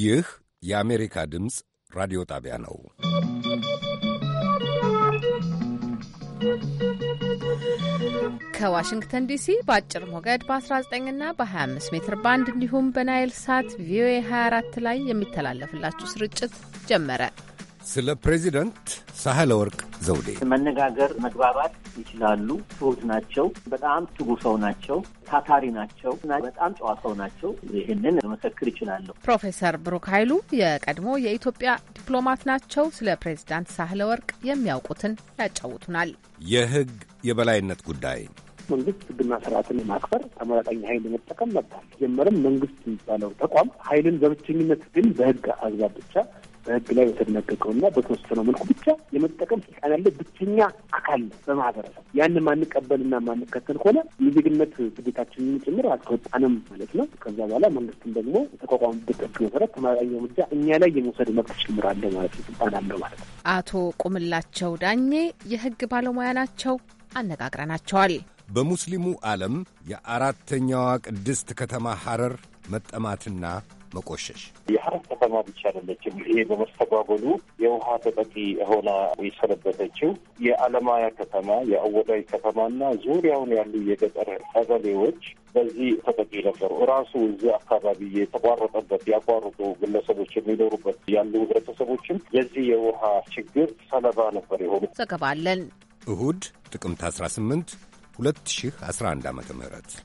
ይህ የአሜሪካ ድምፅ ራዲዮ ጣቢያ ነው። ከዋሽንግተን ዲሲ በአጭር ሞገድ በ19 ና በ25 ሜትር ባንድ እንዲሁም በናይል ሳት ቪኦኤ 24 ላይ የሚተላለፍላችሁ ስርጭት ጀመረ። ስለ ፕሬዚደንት ሳህለ ወርቅ ዘውዴ መነጋገር፣ መግባባት ይችላሉ። ትሁት ናቸው። በጣም ትጉ ሰው ናቸው። ታታሪ ናቸው እና በጣም ጨዋ ሰው ናቸው። ይህንን መሰክር ይችላለሁ። ፕሮፌሰር ብሩክ ኃይሉ የቀድሞ የኢትዮጵያ ዲፕሎማት ናቸው። ስለ ፕሬዚዳንት ሳህለ ወርቅ የሚያውቁትን ያጫውቱናል። የህግ የበላይነት ጉዳይ መንግስት ህግና ስርዓትን ማክበር ተመራጣኝ ኃይል መጠቀም መብታል ጀመርም መንግስት የሚባለው ተቋም ኃይልን በብቸኝነት ግን በህግ አግባብ ብቻ በህግ ላይ በተደነገቀውና በተወሰነው መልኩ ብቻ የመጠቀም ስልጣን ያለ ብቸኛ አካል ነው በማህበረሰብ። ያንን ማንቀበልና ማንከተል ከሆነ የዜግነት ግዴታችንን ጭምር አልተወጣንም ማለት ነው። ከዛ በኋላ መንግስትም ደግሞ የተቋቋሙበት ህግ መሰረት ተመጣጣኝ እርምጃ እኛ ላይ የመውሰድ መብት ጭምር አለ ማለት ነው፣ ስልጣን አለው ማለት ነው። አቶ ቁምላቸው ዳኜ የህግ ባለሙያ ናቸው። አነጋግረናቸዋል። በሙስሊሙ ዓለም የአራተኛዋ ቅድስት ከተማ ሐረር መጠማትና መቆሸሽ የሀረር ከተማ ብቻ አይደለችም። ይሄ በመስተጓጎሉ የውሃ ተጠቂ ሆና የሰነበተችው የአለማያ ከተማ፣ የአወዳይ ከተማና ዙሪያውን ያሉ የገጠር ቀበሌዎች በዚህ ተጠቂ ነበሩ። እራሱ እዚህ አካባቢ የተቋረጠበት ያቋረጡ ግለሰቦች የሚኖሩበት ያሉ ህብረተሰቦችም የዚህ የውሃ ችግር ሰለባ ነበር የሆኑ ዘገባለን እሁድ ጥቅምት 18 2011 ዓ ም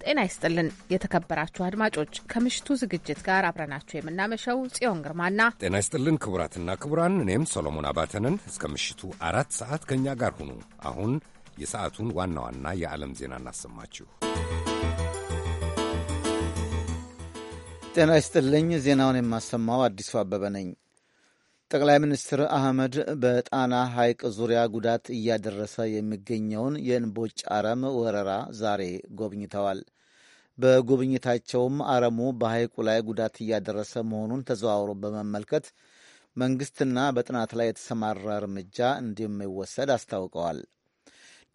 ጤና ይስጥልን የተከበራችሁ አድማጮች፣ ከምሽቱ ዝግጅት ጋር አብረናችሁ የምናመሸው ጽዮን ግርማና ጤና ይስጥልን ክቡራትና ክቡራን፣ እኔም ሰሎሞን አባተንን እስከ ምሽቱ አራት ሰዓት ከእኛ ጋር ሁኑ። አሁን የሰዓቱን ዋና ዋና የዓለም ዜና እናሰማችሁ። ጤና ይስጥልኝ። ዜናውን የማሰማው አዲሱ አበበ ነኝ። ጠቅላይ ሚኒስትር አህመድ በጣና ሐይቅ ዙሪያ ጉዳት እያደረሰ የሚገኘውን የእንቦጭ አረም ወረራ ዛሬ ጎብኝተዋል። በጉብኝታቸውም አረሙ በሐይቁ ላይ ጉዳት እያደረሰ መሆኑን ተዘዋውሮ በመመልከት መንግሥትና በጥናት ላይ የተሰማራ እርምጃ እንደሚወሰድ አስታውቀዋል።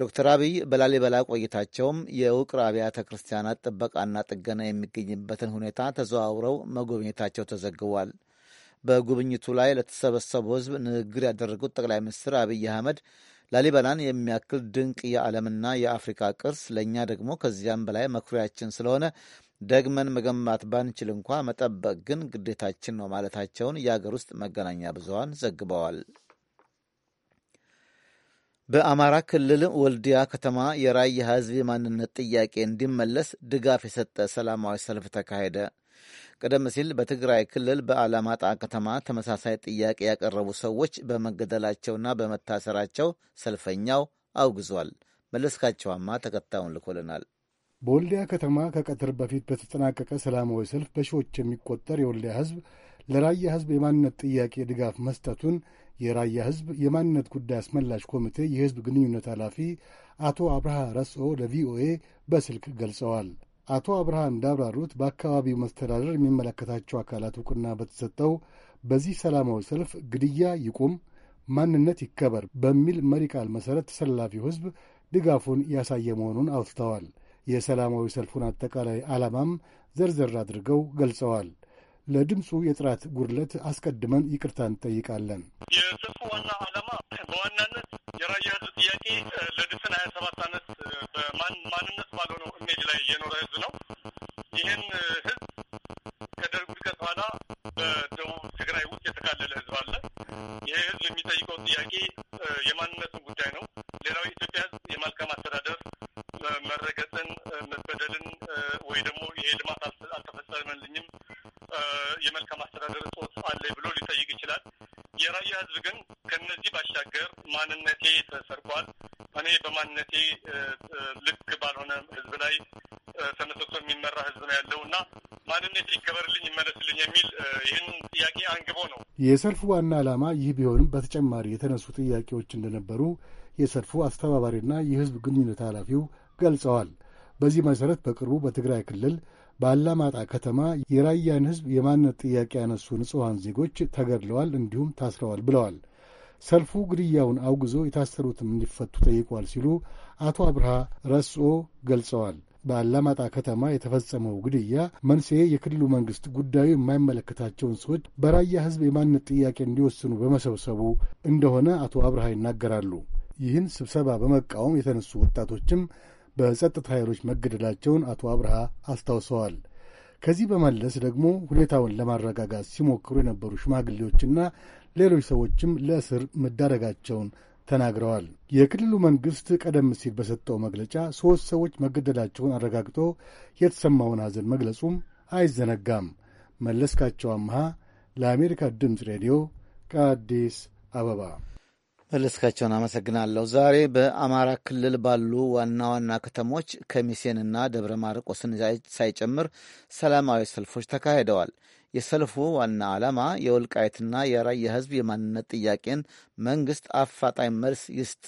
ዶክተር አብይ በላሊበላ ቆይታቸውም የውቅር አብያተ ክርስቲያናት ጥበቃና ጥገና የሚገኝበትን ሁኔታ ተዘዋውረው መጎብኘታቸው ተዘግቧል። በጉብኝቱ ላይ ለተሰበሰበው ህዝብ ንግግር ያደረጉት ጠቅላይ ሚኒስትር አብይ አህመድ ላሊበላን የሚያክል ድንቅ የዓለምና የአፍሪካ ቅርስ ለእኛ ደግሞ ከዚያም በላይ መኩሪያችን ስለሆነ ደግመን መገንባት ባንችል እንኳ መጠበቅ ግን ግዴታችን ነው ማለታቸውን የአገር ውስጥ መገናኛ ብዙሃን ዘግበዋል። በአማራ ክልል ወልዲያ ከተማ የራያ ህዝብ የማንነት ጥያቄ እንዲመለስ ድጋፍ የሰጠ ሰላማዊ ሰልፍ ተካሄደ። ቀደም ሲል በትግራይ ክልል በአላማጣ ከተማ ተመሳሳይ ጥያቄ ያቀረቡ ሰዎች በመገደላቸውና በመታሰራቸው ሰልፈኛው አውግዟል። መለስካቸዋማ ተከታዩን ልኮልናል። በወልዲያ ከተማ ከቀትር በፊት በተጠናቀቀ ሰላማዊ ሰልፍ በሺዎች የሚቆጠር የወልዲያ ሕዝብ ለራያ ሕዝብ የማንነት ጥያቄ ድጋፍ መስጠቱን የራያ ሕዝብ የማንነት ጉዳይ አስመላሽ ኮሚቴ የሕዝብ ግንኙነት ኃላፊ አቶ አብርሃ ረስኦ ለቪኦኤ በስልክ ገልጸዋል። አቶ አብርሃም እንዳብራሩት በአካባቢው መስተዳደር የሚመለከታቸው አካላት እውቅና በተሰጠው በዚህ ሰላማዊ ሰልፍ ግድያ ይቁም፣ ማንነት ይከበር በሚል መሪ ቃል መሠረት ተሰላፊው ሕዝብ ድጋፉን ያሳየ መሆኑን አውስተዋል። የሰላማዊ ሰልፉን አጠቃላይ ዓላማም ዘርዘር አድርገው ገልጸዋል። ለድምፁ የጥራት ጉድለት አስቀድመን ይቅርታ እንጠይቃለን። የሰልፉ ዋና ዓላማ በዋናነት የራያ ጥያቄ ለድፍን ሀያ ሰባት ዓመት ማንነት ባልሆነው ኢሜጅ ላይ የኖረ ህዝብ ነው። ይህን ህዝብ ከደርግ ውድቀት በኋላ በደቡብ ትግራይ ውስጥ የተካለለ ህዝብ አለ። ይህ ህዝብ የሚጠይቀው ጥያቄ የማንነቱን ጉዳይ ነው። ሌላው የኢትዮጵያ ህዝብ የመልካም አስተዳደር መረገጥን፣ መበደልን ወይ ደግሞ ይሄ ልማት አልተፈጸመልኝም የመልካም አስተዳደር እጦት አለ ብሎ ሊጠይቅ ይችላል። የራያ ህዝብ ግን ከነዚህ ባሻገር ማንነቴ ተሰርቋል እኔ በማንነቴ ልክ ባልሆነ ህዝብ ላይ ተመሰሶ የሚመራ ህዝብ ነው ያለው እና ማንነት ይከበርልኝ ይመለስልኝ የሚል ይህን ጥያቄ አንግቦ ነው የሰልፉ ዋና ዓላማ። ይህ ቢሆንም በተጨማሪ የተነሱ ጥያቄዎች እንደነበሩ የሰልፉ አስተባባሪና የህዝብ ግንኙነት ኃላፊው ገልጸዋል። በዚህ መሠረት በቅርቡ በትግራይ ክልል በአላማጣ ከተማ የራያን ህዝብ የማንነት ጥያቄ ያነሱ ንጹሐን ዜጎች ተገድለዋል፣ እንዲሁም ታስረዋል ብለዋል። ሰልፉ ግድያውን አውግዞ የታሰሩትም እንዲፈቱ ጠይቋል ሲሉ አቶ አብርሃ ረስኦ ገልጸዋል። በአላማጣ ከተማ የተፈጸመው ግድያ መንስኤ የክልሉ መንግሥት ጉዳዩ የማይመለከታቸውን ሰዎች በራያ ሕዝብ የማንነት ጥያቄ እንዲወስኑ በመሰብሰቡ እንደሆነ አቶ አብርሃ ይናገራሉ። ይህን ስብሰባ በመቃወም የተነሱ ወጣቶችም በጸጥታ ኃይሎች መገደላቸውን አቶ አብርሃ አስታውሰዋል። ከዚህ በመለስ ደግሞ ሁኔታውን ለማረጋጋት ሲሞክሩ የነበሩ ሽማግሌዎችና ሌሎች ሰዎችም ለእስር መዳረጋቸውን ተናግረዋል። የክልሉ መንግሥት ቀደም ሲል በሰጠው መግለጫ ሦስት ሰዎች መገደላቸውን አረጋግጦ የተሰማውን ሐዘን መግለጹም አይዘነጋም። መለስካቸው አምሃ ለአሜሪካ ድምፅ ሬዲዮ ከአዲስ አበባ መለስካቸውን አመሰግናለሁ። ዛሬ በአማራ ክልል ባሉ ዋና ዋና ከተሞች ከሚሴንና ደብረ ማርቆስን ሳይጨምር ሰላማዊ ሰልፎች ተካሂደዋል። የሰልፉ ዋና ዓላማ የወልቃየትና የራያ ሕዝብ የማንነት ጥያቄን መንግሥት አፋጣኝ መልስ ይስጥ፣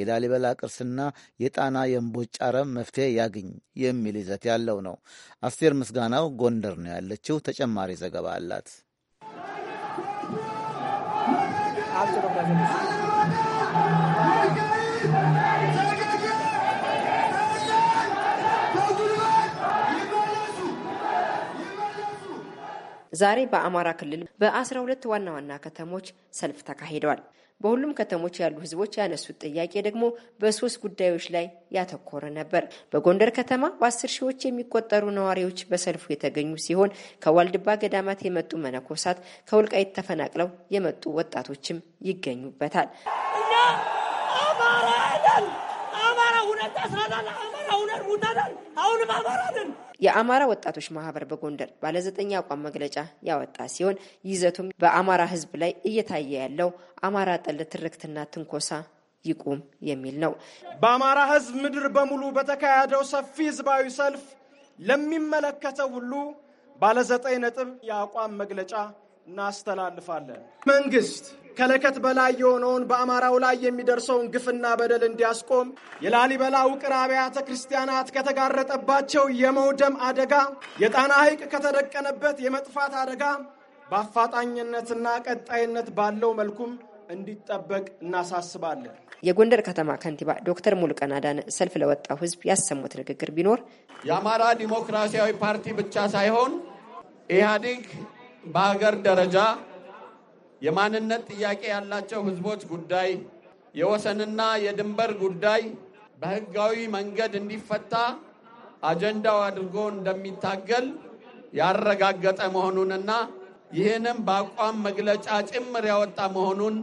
የላሊበላ ቅርስና የጣና የእምቦጭ አረም መፍትሔ ያግኝ የሚል ይዘት ያለው ነው። አስቴር ምስጋናው ጎንደር ነው ያለችው። ተጨማሪ ዘገባ አላት። ዛሬ በአማራ ክልል በአስራ ሁለት ዋና ዋና ከተሞች ሰልፍ ተካሂደዋል። በሁሉም ከተሞች ያሉ ህዝቦች ያነሱት ጥያቄ ደግሞ በሶስት ጉዳዮች ላይ ያተኮረ ነበር። በጎንደር ከተማ በአስር ሺዎች የሚቆጠሩ ነዋሪዎች በሰልፉ የተገኙ ሲሆን ከዋልድባ ገዳማት የመጡ መነኮሳት፣ ከወልቃይት ተፈናቅለው የመጡ ወጣቶችም ይገኙበታል። እኛ አማራ አይደል አማራ አሁን ሙተናል፣ አሁንም አማራንን የአማራ ወጣቶች ማህበር በጎንደር ባለዘጠኝ አቋም መግለጫ ያወጣ ሲሆን ይዘቱም በአማራ ህዝብ ላይ እየታየ ያለው አማራ ጠል ትርክትና ትንኮሳ ይቁም የሚል ነው። በአማራ ህዝብ ምድር በሙሉ በተካሄደው ሰፊ ህዝባዊ ሰልፍ ለሚመለከተው ሁሉ ባለዘጠኝ ነጥብ የአቋም መግለጫ እናስተላልፋለን። መንግስት ከለከት በላይ የሆነውን በአማራው ላይ የሚደርሰውን ግፍና በደል እንዲያስቆም የላሊበላ ውቅር አብያተ ክርስቲያናት ከተጋረጠባቸው የመውደም አደጋ፣ የጣና ሐይቅ ከተደቀነበት የመጥፋት አደጋ በአፋጣኝነትና ቀጣይነት ባለው መልኩም እንዲጠበቅ እናሳስባለን። የጎንደር ከተማ ከንቲባ ዶክተር ሙሉቀን አዳነ ሰልፍ ለወጣው ሕዝብ ያሰሙት ንግግር ቢኖር የአማራ ዲሞክራሲያዊ ፓርቲ ብቻ ሳይሆን ኢህአዴግ በሀገር ደረጃ የማንነት ጥያቄ ያላቸው ህዝቦች ጉዳይ፣ የወሰንና የድንበር ጉዳይ በህጋዊ መንገድ እንዲፈታ አጀንዳው አድርጎ እንደሚታገል ያረጋገጠ መሆኑንና ይህንም በአቋም መግለጫ ጭምር ያወጣ መሆኑን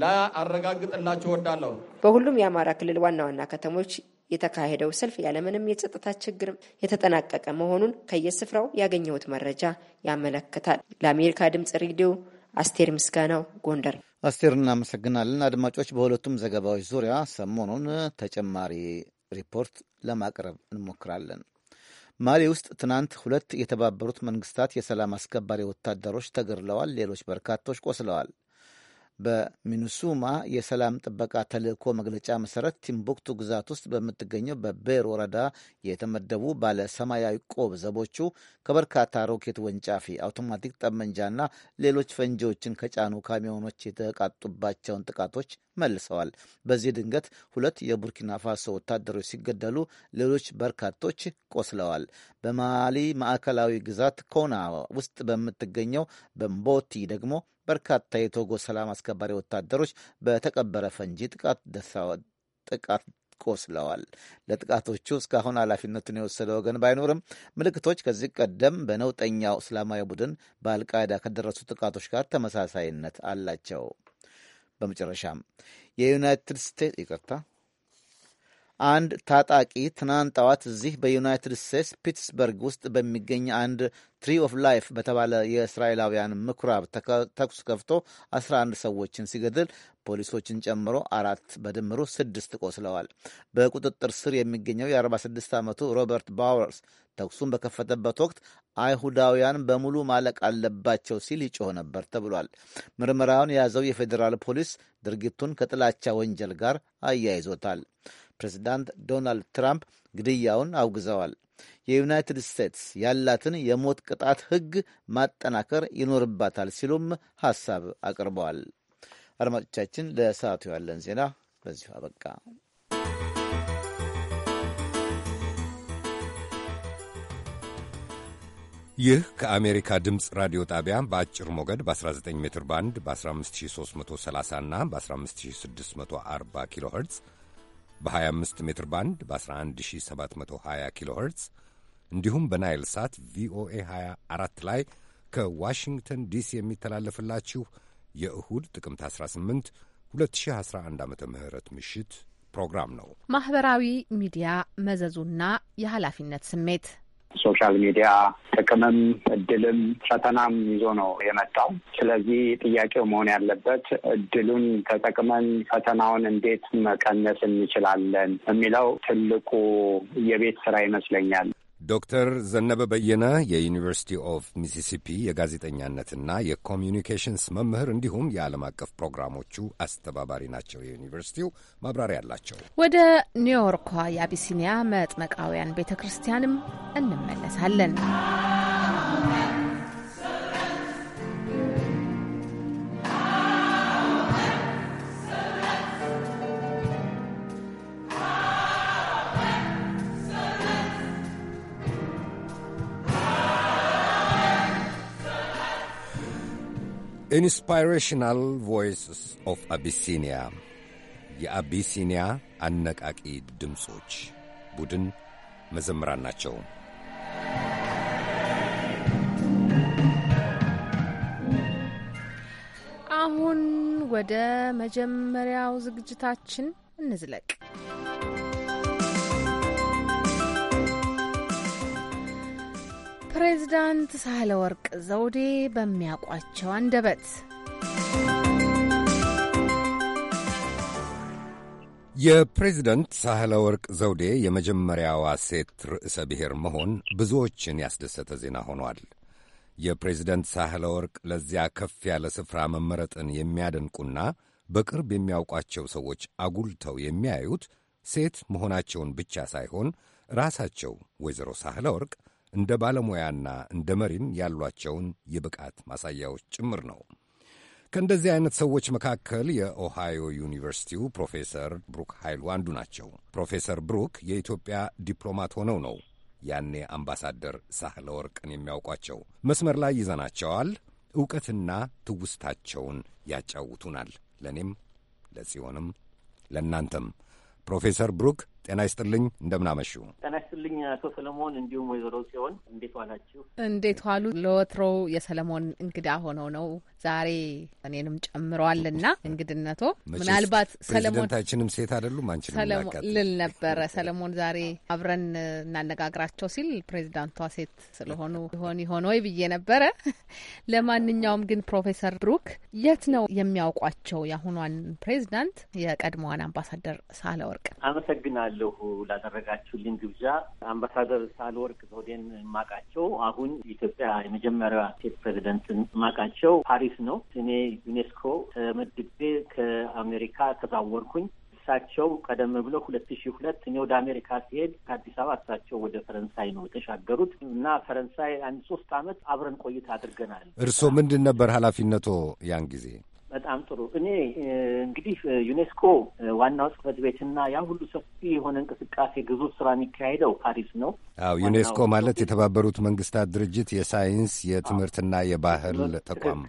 ላአረጋግጥላችሁ ወዳለሁ። በሁሉም የአማራ ክልል ዋና ዋና ከተሞች የተካሄደው ሰልፍ ያለምንም የጸጥታ ችግር የተጠናቀቀ መሆኑን ከየስፍራው ያገኘሁት መረጃ ያመለክታል። ለአሜሪካ ድምጽ ሬዲዮ አስቴር ምስጋናው ጎንደር። አስቴር እናመሰግናለን። አድማጮች፣ በሁለቱም ዘገባዎች ዙሪያ ሰሞኑን ተጨማሪ ሪፖርት ለማቅረብ እንሞክራለን። ማሊ ውስጥ ትናንት ሁለት የተባበሩት መንግስታት የሰላም አስከባሪ ወታደሮች ተገድለዋል። ሌሎች በርካቶች ቆስለዋል። በሚኑሱማ የሰላም ጥበቃ ተልእኮ መግለጫ መሰረት ቲምቡክቱ ግዛት ውስጥ በምትገኘው በቤር ወረዳ የተመደቡ ባለ ሰማያዊ ቆብ ዘቦቹ ከበርካታ ሮኬት ወንጫፊ፣ አውቶማቲክ ጠመንጃና ሌሎች ፈንጂዎችን ከጫኑ ካሚዮኖች የተቃጡባቸውን ጥቃቶች መልሰዋል። በዚህ ድንገት ሁለት የቡርኪና ፋሶ ወታደሮች ሲገደሉ፣ ሌሎች በርካቶች ቆስለዋል። በማሊ ማዕከላዊ ግዛት ኮና ውስጥ በምትገኘው በምቦቲ ደግሞ በርካታ የቶጎ ሰላም አስከባሪ ወታደሮች በተቀበረ ፈንጂ ጥቃት ጥቃት ቆስለዋል። ለጥቃቶቹ እስካሁን ኃላፊነቱን የወሰደ ወገን ባይኖርም ምልክቶች ከዚህ ቀደም በነውጠኛው እስላማዊ ቡድን በአልቃይዳ ከደረሱ ጥቃቶች ጋር ተመሳሳይነት አላቸው። በመጨረሻም የዩናይትድ ስቴትስ ይቅርታ አንድ ታጣቂ ትናንት ጠዋት እዚህ በዩናይትድ ስቴትስ ፒትስበርግ ውስጥ በሚገኝ አንድ ትሪ ኦፍ ላይፍ በተባለ የእስራኤላውያን ምኩራብ ተኩስ ከፍቶ 11 ሰዎችን ሲገድል ፖሊሶችን ጨምሮ አራት በድምሩ ስድስት ቆስለዋል። በቁጥጥር ስር የሚገኘው የ46 ዓመቱ ሮበርት ባወርስ ተኩሱን በከፈተበት ወቅት አይሁዳውያን በሙሉ ማለቅ አለባቸው ሲል ይጮህ ነበር ተብሏል። ምርመራውን የያዘው የፌዴራል ፖሊስ ድርጊቱን ከጥላቻ ወንጀል ጋር አያይዞታል። ፕሬዚዳንት ዶናልድ ትራምፕ ግድያውን አውግዘዋል። የዩናይትድ ስቴትስ ያላትን የሞት ቅጣት ሕግ ማጠናከር ይኖርባታል ሲሉም ሐሳብ አቅርበዋል። አድማጮቻችን፣ ለሰዓቱ ያለን ዜና በዚሁ አበቃ። ይህ ከአሜሪካ ድምፅ ራዲዮ ጣቢያ በአጭር ሞገድ በ19 ሜትር ባንድ በ15330 እና በ15640 ኪሎ ኸርትዝ በ25 ሜትር ባንድ በ11720 ኪሎ ኸርትዝ እንዲሁም በናይል ሳት ቪኦኤ 24 ላይ ከዋሽንግተን ዲሲ የሚተላለፍላችሁ የእሁድ ጥቅምት 18 2011 ዓ ም ምሽት ፕሮግራም ነው። ማኅበራዊ ሚዲያ መዘዙና የኃላፊነት ስሜት ሶሻል ሚዲያ ጥቅምም እድልም ፈተናም ይዞ ነው የመጣው። ስለዚህ ጥያቄው መሆን ያለበት እድሉን ተጠቅመን ፈተናውን እንዴት መቀነስ እንችላለን የሚለው ትልቁ የቤት ስራ ይመስለኛል። ዶክተር ዘነበ በየነ የዩኒቨርሲቲ ኦፍ ሚሲሲፒ የጋዜጠኛነትና የኮሚዩኒኬሽንስ መምህር እንዲሁም የዓለም አቀፍ ፕሮግራሞቹ አስተባባሪ ናቸው። የዩኒቨርሲቲው ማብራሪያ አላቸው። ወደ ኒውዮርኳ የአቢሲኒያ መጥመቃውያን ቤተ ክርስቲያንም እንመለሳለን። ኢንስፓይሬሽናል ቮይስስ ኦፍ አቢሲኒያ የአቢሲኒያ አነቃቂ ድምፆች ቡድን መዘምራን ናቸው። አሁን ወደ መጀመሪያው ዝግጅታችን እንዝለቅ። ፕሬዚዳንት ሳህለ ወርቅ ዘውዴ በሚያውቋቸው አንደበት የፕሬዝደንት ሳህለ ወርቅ ዘውዴ የመጀመሪያዋ ሴት ርዕሰ ብሔር መሆን ብዙዎችን ያስደሰተ ዜና ሆኗል። የፕሬዝደንት ሳህለ ወርቅ ለዚያ ከፍ ያለ ስፍራ መመረጥን የሚያደንቁና በቅርብ የሚያውቋቸው ሰዎች አጉልተው የሚያዩት ሴት መሆናቸውን ብቻ ሳይሆን ራሳቸው ወይዘሮ ሳህለ ወርቅ እንደ ባለሙያና እንደ መሪም ያሏቸውን የብቃት ማሳያዎች ጭምር ነው። ከእንደዚህ አይነት ሰዎች መካከል የኦሃዮ ዩኒቨርሲቲው ፕሮፌሰር ብሩክ ኃይሉ አንዱ ናቸው። ፕሮፌሰር ብሩክ የኢትዮጵያ ዲፕሎማት ሆነው ነው ያኔ አምባሳደር ሳህለ ወርቅን የሚያውቋቸው። መስመር ላይ ይዘናቸዋል። እውቀትና ትውስታቸውን ያጫውቱናል። ለእኔም ለጽዮንም ለእናንተም ፕሮፌሰር ብሩክ ጤና ይስጥልኝ፣ እንደምናመሹ። ጤና ይስጥልኝ አቶ ሰለሞን እንዲሁም ወይዘሮ ሲሆን እንዴት ዋላችሁ? እንዴት ዋሉ? ለወትሮው የሰለሞን እንግዳ ሆነው ነው ዛሬ እኔንም ጨምረዋልና እንግድነቶ ምናልባት ሰለሞንታችንም ሴት አይደሉም አንችንም ልል ነበረ። ሰለሞን ዛሬ አብረን እናነጋግራቸው ሲል ፕሬዚዳንቷ ሴት ስለሆኑ ይሆን ይሆን ወይ ብዬ ነበረ። ለማንኛውም ግን ፕሮፌሰር ብሩክ የት ነው የሚያውቋቸው የአሁኗን ፕሬዚዳንት የቀድሞዋን አምባሳደር ሳለ ወርቅ? አመሰግናለሁ ላደረጋችሁልኝ ግብዣ። አምባሳደር ሳለ ወርቅ ዘውዴን ማቃቸው አሁን ኢትዮጵያ የመጀመሪያ ሴት ፕሬዚደንትን ማቃቸው ፖሊስ ነው። እኔ ዩኔስኮ ተመድቤ ከአሜሪካ ተዛወርኩኝ። እሳቸው ቀደም ብሎ ሁለት ሺ ሁለት እኔ ወደ አሜሪካ ሲሄድ ከአዲስ አበባ እሳቸው ወደ ፈረንሳይ ነው የተሻገሩት እና ፈረንሳይ አንድ ሶስት አመት አብረን ቆይታ አድርገናል። እርስዎ ምንድን ነበር ኃላፊነቶ ያን ጊዜ? በጣም ጥሩ። እኔ እንግዲህ ዩኔስኮ ዋናው ጽህፈት ቤትና ያ ሁሉ ሰፊ የሆነ እንቅስቃሴ ግዙፍ ስራ የሚካሄደው ፓሪስ ነው። አዎ ዩኔስኮ ማለት የተባበሩት መንግስታት ድርጅት የሳይንስ የትምህርትና የባህል ተቋም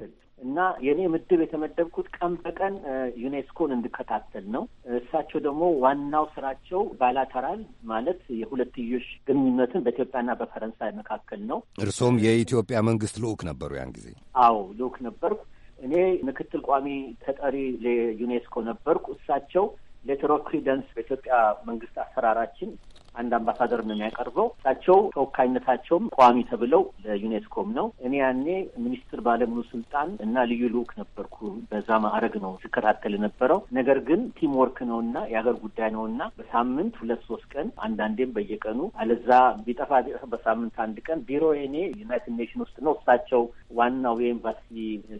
እና የእኔ ምድብ የተመደብኩት ቀን በቀን ዩኔስኮን እንድከታተል ነው። እሳቸው ደግሞ ዋናው ስራቸው ባይላተራል ማለት የሁለትዮሽ ግንኙነትን በኢትዮጵያና በፈረንሳይ መካከል ነው። እርሶም የኢትዮጵያ መንግስት ልዑክ ነበሩ ያን ጊዜ? አዎ ልዑክ ነበርኩ። እኔ ምክትል ቋሚ ተጠሪ ለዩኔስኮ ነበርኩ። እሳቸው ሌተር ኦፍ ክሪደንስ በኢትዮጵያ መንግስት አሰራራችን አንድ አምባሳደር ነው የሚያቀርበው። እሳቸው ተወካይነታቸውም ቋሚ ተብለው ለዩኔስኮም ነው። እኔ ያኔ ሚኒስትር ባለሙሉ ስልጣን እና ልዩ ልዑክ ነበርኩ። በዛ ማዕረግ ነው ስከታተል የነበረው። ነገር ግን ቲም ወርክ ነውና የሀገር ጉዳይ እና በሳምንት ሁለት ሶስት ቀን አንዳንዴም በየቀኑ አለዛ ቢጠፋ በሳምንት አንድ ቀን ቢሮ የኔ ዩናይትድ ኔሽን ውስጥ ነው። እሳቸው ዋናው የኤምባሲ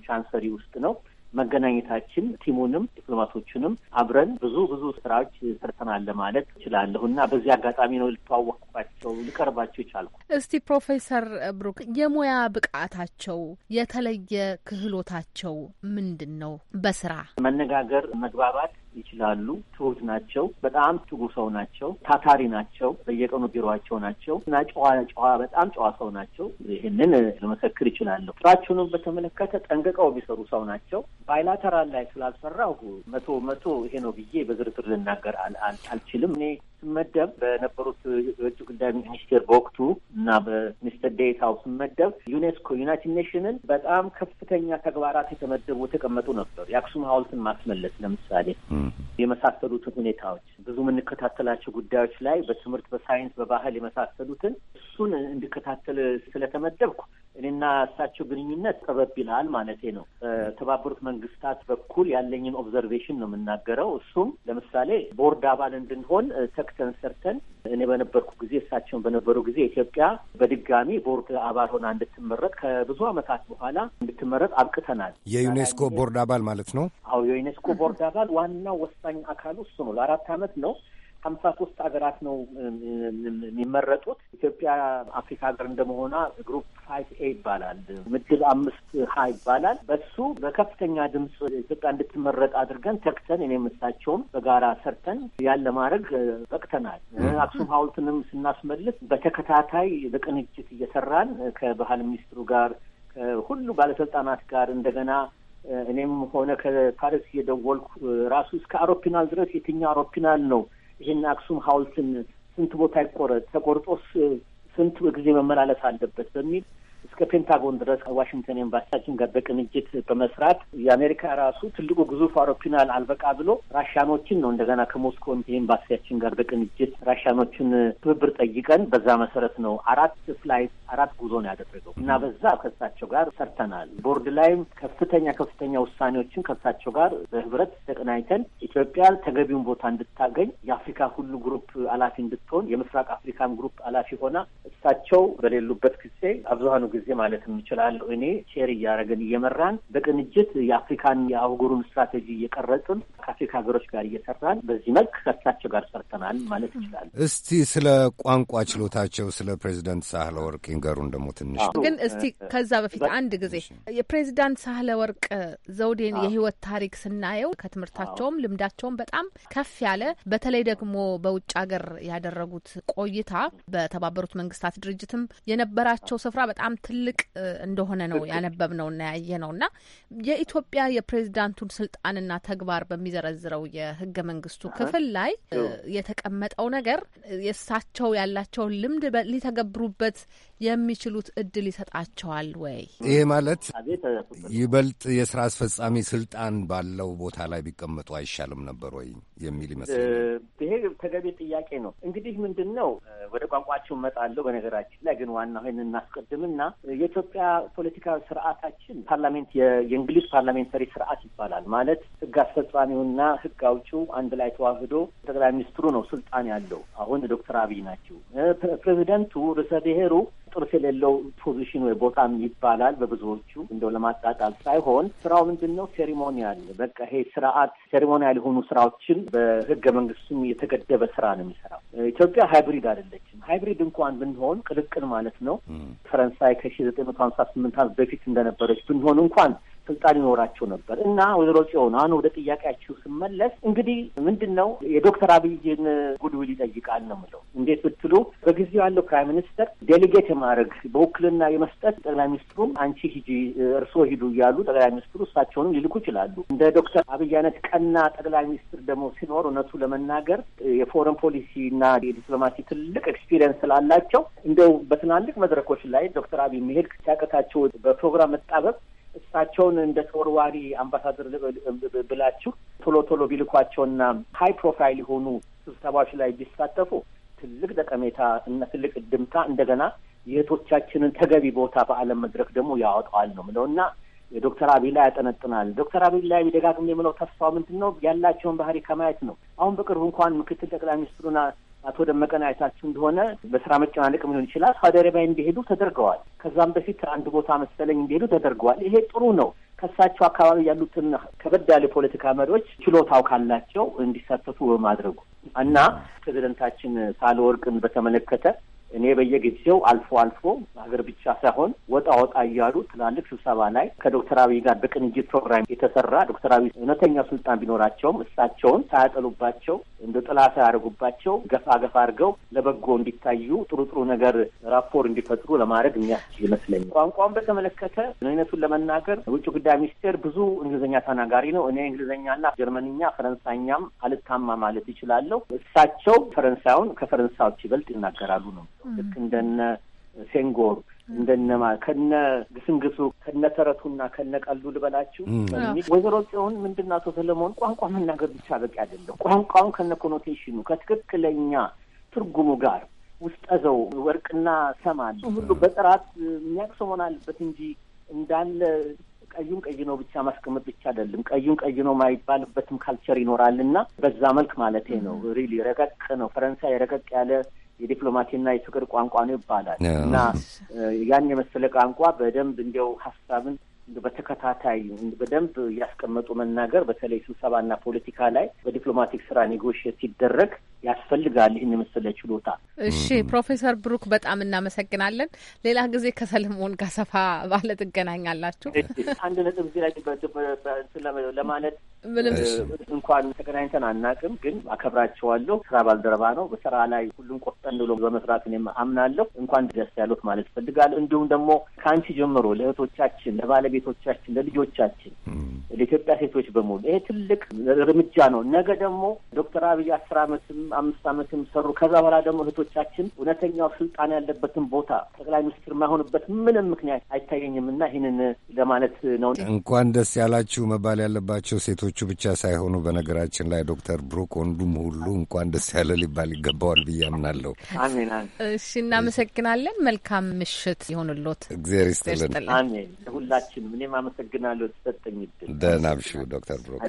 ቻንሰሪ ውስጥ ነው። መገናኘታችን ቲሙንም ዲፕሎማቶቹንም አብረን ብዙ ብዙ ስራዎች ሰርተናል ለማለት እችላለሁ እና በዚህ አጋጣሚ ነው ልተዋወቅባቸው ልቀርባቸው ይቻልኩ። እስቲ ፕሮፌሰር ብሩክ የሙያ ብቃታቸው የተለየ ክህሎታቸው ምንድን ነው? በስራ መነጋገር፣ መግባባት ይችላሉ። ትሁት ናቸው። በጣም ትጉ ሰው ናቸው። ታታሪ ናቸው። በየቀኑ ቢሮቸው ናቸው እና ጨዋ ጨዋ በጣም ጨዋ ሰው ናቸው። ይህንን ልመሰክር ይችላለሁ። ስራችሁንም በተመለከተ ጠንቅቀው ቢሰሩ ሰው ናቸው። ባይላተራል ላይ ስላልሰራሁ መቶ መቶ ይሄ ነው ብዬ በዝርዝር ልናገር አልችልም እኔ ስመደብ በነበሩት የውጭ ጉዳይ ሚኒስቴር በወቅቱ እና በሚኒስትር ዴታው ስመደብ ዩኔስኮ ዩናይትድ ኔሽንን በጣም ከፍተኛ ተግባራት የተመደቡ የተቀመጡ ነበሩ። የአክሱም ሐውልትን ማስመለስ ለምሳሌ የመሳሰሉትን ሁኔታዎች ብዙ የምንከታተላቸው ጉዳዮች ላይ በትምህርት፣ በሳይንስ፣ በባህል የመሳሰሉትን እሱን እንድከታተል ስለተመደብኩ እኔና እሳቸው ግንኙነት ጠበብ ይላል ማለቴ ነው። በተባበሩት መንግስታት በኩል ያለኝን ኦብዘርቬሽን ነው የምናገረው። እሱም ለምሳሌ ቦርድ አባል እንድንሆን ተክተን ሰርተን እኔ በነበርኩ ጊዜ እሳቸውን በነበሩ ጊዜ ኢትዮጵያ በድጋሚ ቦርድ አባል ሆና እንድትመረጥ ከብዙ ዓመታት በኋላ እንድትመረጥ አብቅተናል። የዩኔስኮ ቦርድ አባል ማለት ነው። አዎ የዩኔስኮ ቦርድ አባል ዋናው ወሳኝ አካሉ እሱ ነው። ለአራት ዓመት ነው ሀምሳ ሶስት ሀገራት ነው የሚመረጡት። ኢትዮጵያ አፍሪካ ሀገር እንደመሆኗ ግሩፕ ፋይቭ ኤ ይባላል፣ ምድብ አምስት ሀ ይባላል። በሱ በከፍተኛ ድምፅ ኢትዮጵያ እንድትመረጥ አድርገን ተክተን እኔም እሳቸውም በጋራ ሰርተን ያን ለማድረግ በቅተናል። አክሱም ሀውልትንም ስናስመልስ በተከታታይ በቅንጅት እየሰራን ከባህል ሚኒስትሩ ጋር ከሁሉ ባለስልጣናት ጋር እንደገና እኔም ሆነ ከፓሪስ እየደወልኩ ራሱ እስከ አውሮፕላን ድረስ የትኛው አውሮፕላን ነው ይህን አክሱም ሀውልትን ስንት ቦታ ይቆረጥ ተቆርጦስ ስንት ጊዜ መመላለስ አለበት በሚል እስከ ፔንታጎን ድረስ ዋሽንግተን ኤምባሲያችን ጋር በቅንጅት በመስራት የአሜሪካ ራሱ ትልቁ ግዙፍ አውሮፕላን አልበቃ ብሎ ራሻኖችን ነው እንደገና ከሞስኮ ኤምባሲያችን ጋር በቅንጅት ራሻኖችን ትብብር ጠይቀን በዛ መሰረት ነው አራት ፍላይት አራት ጉዞ ነው ያደረገው እና በዛ ከሳቸው ጋር ሰርተናል። ቦርድ ላይም ከፍተኛ ከፍተኛ ውሳኔዎችን ከሳቸው ጋር በህብረት ተቀናኝተን ኢትዮጵያ ተገቢውን ቦታ እንድታገኝ የአፍሪካ ሁሉ ግሩፕ አላፊ እንድትሆን የምስራቅ አፍሪካን ግሩፕ አላፊ ሆና እሳቸው በሌሉበት ጊዜ አብዛኑ ጊዜ ጊዜ ማለት እችላለሁ እኔ ሼር እያደረግን እየመራን በቅንጅት የአፍሪካን የአህጉሩን ስትራቴጂ እየቀረጽን ከአፍሪካ ሀገሮች ጋር እየሰራን በዚህ መልክ ከሳቸው ጋር ሰርተናል ማለት ይችላል። እስቲ ስለ ቋንቋ ችሎታቸው ስለ ፕሬዚዳንት ሳህለ ወርቅ ይንገሩን ደግሞ ትንሽ ግን እስቲ ከዛ በፊት አንድ ጊዜ የፕሬዚዳንት ሳህለ ወርቅ ዘውዴን የህይወት ታሪክ ስናየው ከትምህርታቸውም ልምዳቸውም በጣም ከፍ ያለ በተለይ ደግሞ በውጭ ሀገር ያደረጉት ቆይታ በተባበሩት መንግስታት ድርጅትም የነበራቸው ስፍራ በጣም ትልቅ እንደሆነ ነው ያነበብነው እና ነው እና የኢትዮጵያ የፕሬዚዳንቱን ስልጣንና ተግባር በሚዘረዝረው የህገ መንግስቱ ክፍል ላይ የተቀመጠው ነገር የእሳቸው ያላቸውን ልምድ ሊተገብሩበት የሚችሉት እድል ይሰጣቸዋል ወይ? ይሄ ማለት ይበልጥ የስራ አስፈጻሚ ስልጣን ባለው ቦታ ላይ ቢቀመጡ አይሻልም ነበር ወይ የሚል ይመስላል። ይሄ ተገቢ ጥያቄ ነው። እንግዲህ ምንድን ነው ወደ ቋንቋቸው እመጣለሁ። በነገራችን ላይ ግን ዋናው ይሄን እናስቀድምና የኢትዮጵያ ፖለቲካ ስርዓታችን ፓርላሜንት የእንግሊዝ ፓርላሜንታሪ ስርዓት ይባላል። ማለት ህግ አስፈጻሚውና ህግ አውጪው አንድ ላይ ተዋህዶ ጠቅላይ ሚኒስትሩ ነው ስልጣን ያለው። አሁን ዶክተር አብይ ናቸው። ፕሬዚደንቱ ርዕሰ ብሔሩ ጥርስ የሌለው ፖዚሽን ወይ ቦታም ይባላል በብዙዎቹ እንደው ለማጣጣል ሳይሆን ስራው ምንድን ነው? ሴሪሞኒያል በቃ ይሄ ስርዓት ሴሪሞኒያል የሆኑ ስራዎችን በህገ መንግስቱም የተገደበ ስራ ነው የሚሰራው። ኢትዮጵያ ሃይብሪድ አይደለችም። ሃይብሪድ እንኳን ብንሆን ቅልቅል ማለት ነው። ፈረንሳይ ከሺ ዘጠኝ መቶ ሀምሳ ስምንት ዓመት በፊት እንደነበረች ብንሆን እንኳን ስልጣን ይኖራቸው ነበር እና ወይዘሮ ጽዮን አሁን ወደ ጥያቄያችሁ ስመለስ እንግዲህ ምንድን ነው የዶክተር አብይን ጉድውል ይጠይቃል ነው ምለው እንዴት ብትሉ በጊዜው ያለው ፕራይም ሚኒስተር ዴሊጌት የማድረግ በውክልና የመስጠት ጠቅላይ ሚኒስትሩም አንቺ ሂጂ፣ እርስዎ ሂዱ እያሉ ጠቅላይ ሚኒስትሩ እሳቸውንም ሊልኩ ይችላሉ። እንደ ዶክተር አብይ አይነት ቀና ጠቅላይ ሚኒስትር ደግሞ ሲኖር እውነቱ ለመናገር የፎረን ፖሊሲ እና የዲፕሎማሲ ትልቅ ኤክስፒሪየንስ ስላላቸው እንደው በትላልቅ መድረኮች ላይ ዶክተር አብይ መሄድ ሲያቀታቸው በፕሮግራም መጣበብ እሳቸውን እንደ ተወርዋሪ አምባሳደር ብላችሁ ቶሎ ቶሎ ቢልኳቸውና ሀይ ፕሮፋይል የሆኑ ስብሰባዎች ላይ ቢሳተፉ ትልቅ ጠቀሜታ እና ትልቅ ድምታ እንደገና የእህቶቻችንን ተገቢ ቦታ በዓለም መድረክ ደግሞ ያወጣዋል ነው ምለው እና የዶክተር አብይ ላይ ያጠነጥናል። ዶክተር አብይ ላይ ደጋግሜ የምለው ተስፋው ምንድን ነው ያላቸውን ባህሪ ከማየት ነው። አሁን በቅርቡ እንኳን ምክትል ጠቅላይ ሚኒስትሩና አቶ ደመቀን አይታችሁ እንደሆነ በስራ መጨናነቅ ሊሆን ይችላል ሳውዲ አረቢያ እንዲሄዱ ተደርገዋል። ከዛም በፊት አንድ ቦታ መሰለኝ እንዲሄዱ ተደርገዋል። ይሄ ጥሩ ነው። ከሳቸው አካባቢ ያሉትን ከበድ ያሉ የፖለቲካ መሪዎች ችሎታው ካላቸው እንዲሳተፉ በማድረጉ እና ፕሬዚደንታችን ሳህለወርቅን በተመለከተ እኔ በየጊዜው አልፎ አልፎ ሀገር ብቻ ሳይሆን ወጣ ወጣ እያሉ ትላልቅ ስብሰባ ላይ ከዶክተር አብይ ጋር በቅንጅት ፕሮግራም የተሰራ ዶክተር አብይ እውነተኛ ስልጣን ቢኖራቸውም እሳቸውን ሳያጠሉባቸው እንደ ጥላ ሳያደርጉባቸው ገፋ ገፋ አድርገው ለበጎ እንዲታዩ ጥሩ ጥሩ ነገር ራፖር እንዲፈጥሩ ለማድረግ የሚያስችል ይመስለኛል። ቋንቋውን በተመለከተ እውነቱን ለመናገር ውጭ ጉዳይ ሚኒስቴር ብዙ እንግሊዝኛ ተናጋሪ ነው። እኔ እንግሊዝኛና ጀርመንኛ ፈረንሳይኛም አልታማ ማለት ይችላለሁ። እሳቸው ፈረንሳዩን ከፈረንሳዮች ይበልጥ ይናገራሉ ነው ልክ እንደነ ሴንጎር እንደነማ ከነ ግስንግሱ ከነ ተረቱና ከነ ቀሉ ልበላችሁ ወይዘሮ ጽዮን ምንድን አቶ ሰለሞን ቋንቋ መናገር ብቻ በቂ አይደለም። ቋንቋውን ከነ ኮኖቴሽኑ ከትክክለኛ ትርጉሙ ጋር ውስጠ ዘው ወርቅና ሰማል ሁሉ በጥራት የሚያቅሰው መሆን አለበት እንጂ እንዳለ ቀዩን ቀይ ነው ብቻ ማስቀመጥ ብቻ አይደለም። ቀዩን ቀይ ነው የማይባልበትም ካልቸር ይኖራልና በዛ መልክ ማለት ነው። ሪሊ ረቀቅ ነው። ፈረንሳይ ረቀቅ ያለ የዲፕሎማሲና የፍቅር ቋንቋ ነው ይባላል እና ያን የመሰለ ቋንቋ በደንብ እንዲያው ሀሳብን በተከታታይ በደንብ ያስቀመጡ መናገር በተለይ ስብሰባና ፖለቲካ ላይ በዲፕሎማቲክ ስራ ኔጎሽት ሲደረግ ያስፈልጋል ይህን የመሰለ ችሎታ። እሺ ፕሮፌሰር ብሩክ በጣም እናመሰግናለን። ሌላ ጊዜ ከሰለሞን ጋር ሰፋ ባለ ትገናኛላችሁ። አንድ ነጥብ እዚህ ላይ ለማለት ምንም እንኳን ተገናኝተን አናውቅም፣ ግን አከብራቸዋለሁ። ስራ ባልደረባ ነው። በስራ ላይ ሁሉም ቆፍጠን ብሎ በመስራት እኔም አምናለሁ። እንኳን ደስ ያሉት ማለት እፈልጋለሁ። እንዲሁም ደግሞ ከአንቺ ጀምሮ ለእህቶቻችን፣ ለባለቤቶቻችን፣ ለልጆቻችን፣ ለኢትዮጵያ ሴቶች በሙሉ ይሄ ትልቅ እርምጃ ነው። ነገ ደግሞ ዶክተር አብይ አስር አመትም አምስት አመትም ሰሩ። ከዛ በኋላ ደግሞ እህቶቻችን እውነተኛው ስልጣን ያለበትን ቦታ ጠቅላይ ሚኒስትር የማይሆንበት ምንም ምክንያት አይታየኝም እና ይህንን ለማለት ነው። እንኳን ደስ ያላችሁ መባል ያለባቸው ሴቶች ተማሪዎቹ ብቻ ሳይሆኑ በነገራችን ላይ ዶክተር ብሩክ ወንዱም ሁሉ እንኳን ደስ ያለ ሊባል ይገባዋል ብዬ አምናለሁ። እሺ፣ እናመሰግናለን። መልካም ምሽት ይሁንሎት። እግዜር ይስጥልን። አሜን። ሁላችንም እኔም አመሰግናለሁ ተሰጠኝ ድል። ደህና ብሹ ዶክተር ብሩክ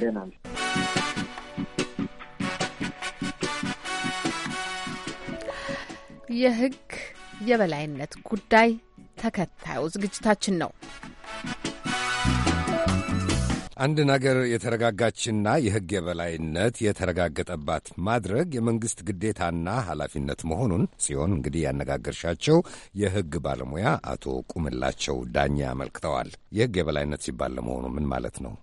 የህግ የበላይነት ጉዳይ ተከታዩ ዝግጅታችን ነው። አንድ ነገር የተረጋጋችና የሕግ የበላይነት የተረጋገጠባት ማድረግ የመንግሥት ግዴታና ኃላፊነት መሆኑን ሲሆን እንግዲህ ያነጋገርሻቸው የሕግ ባለሙያ አቶ ቁምላቸው ዳኛ አመልክተዋል። የሕግ የበላይነት ሲባል ለመሆኑ ምን ማለት ነው?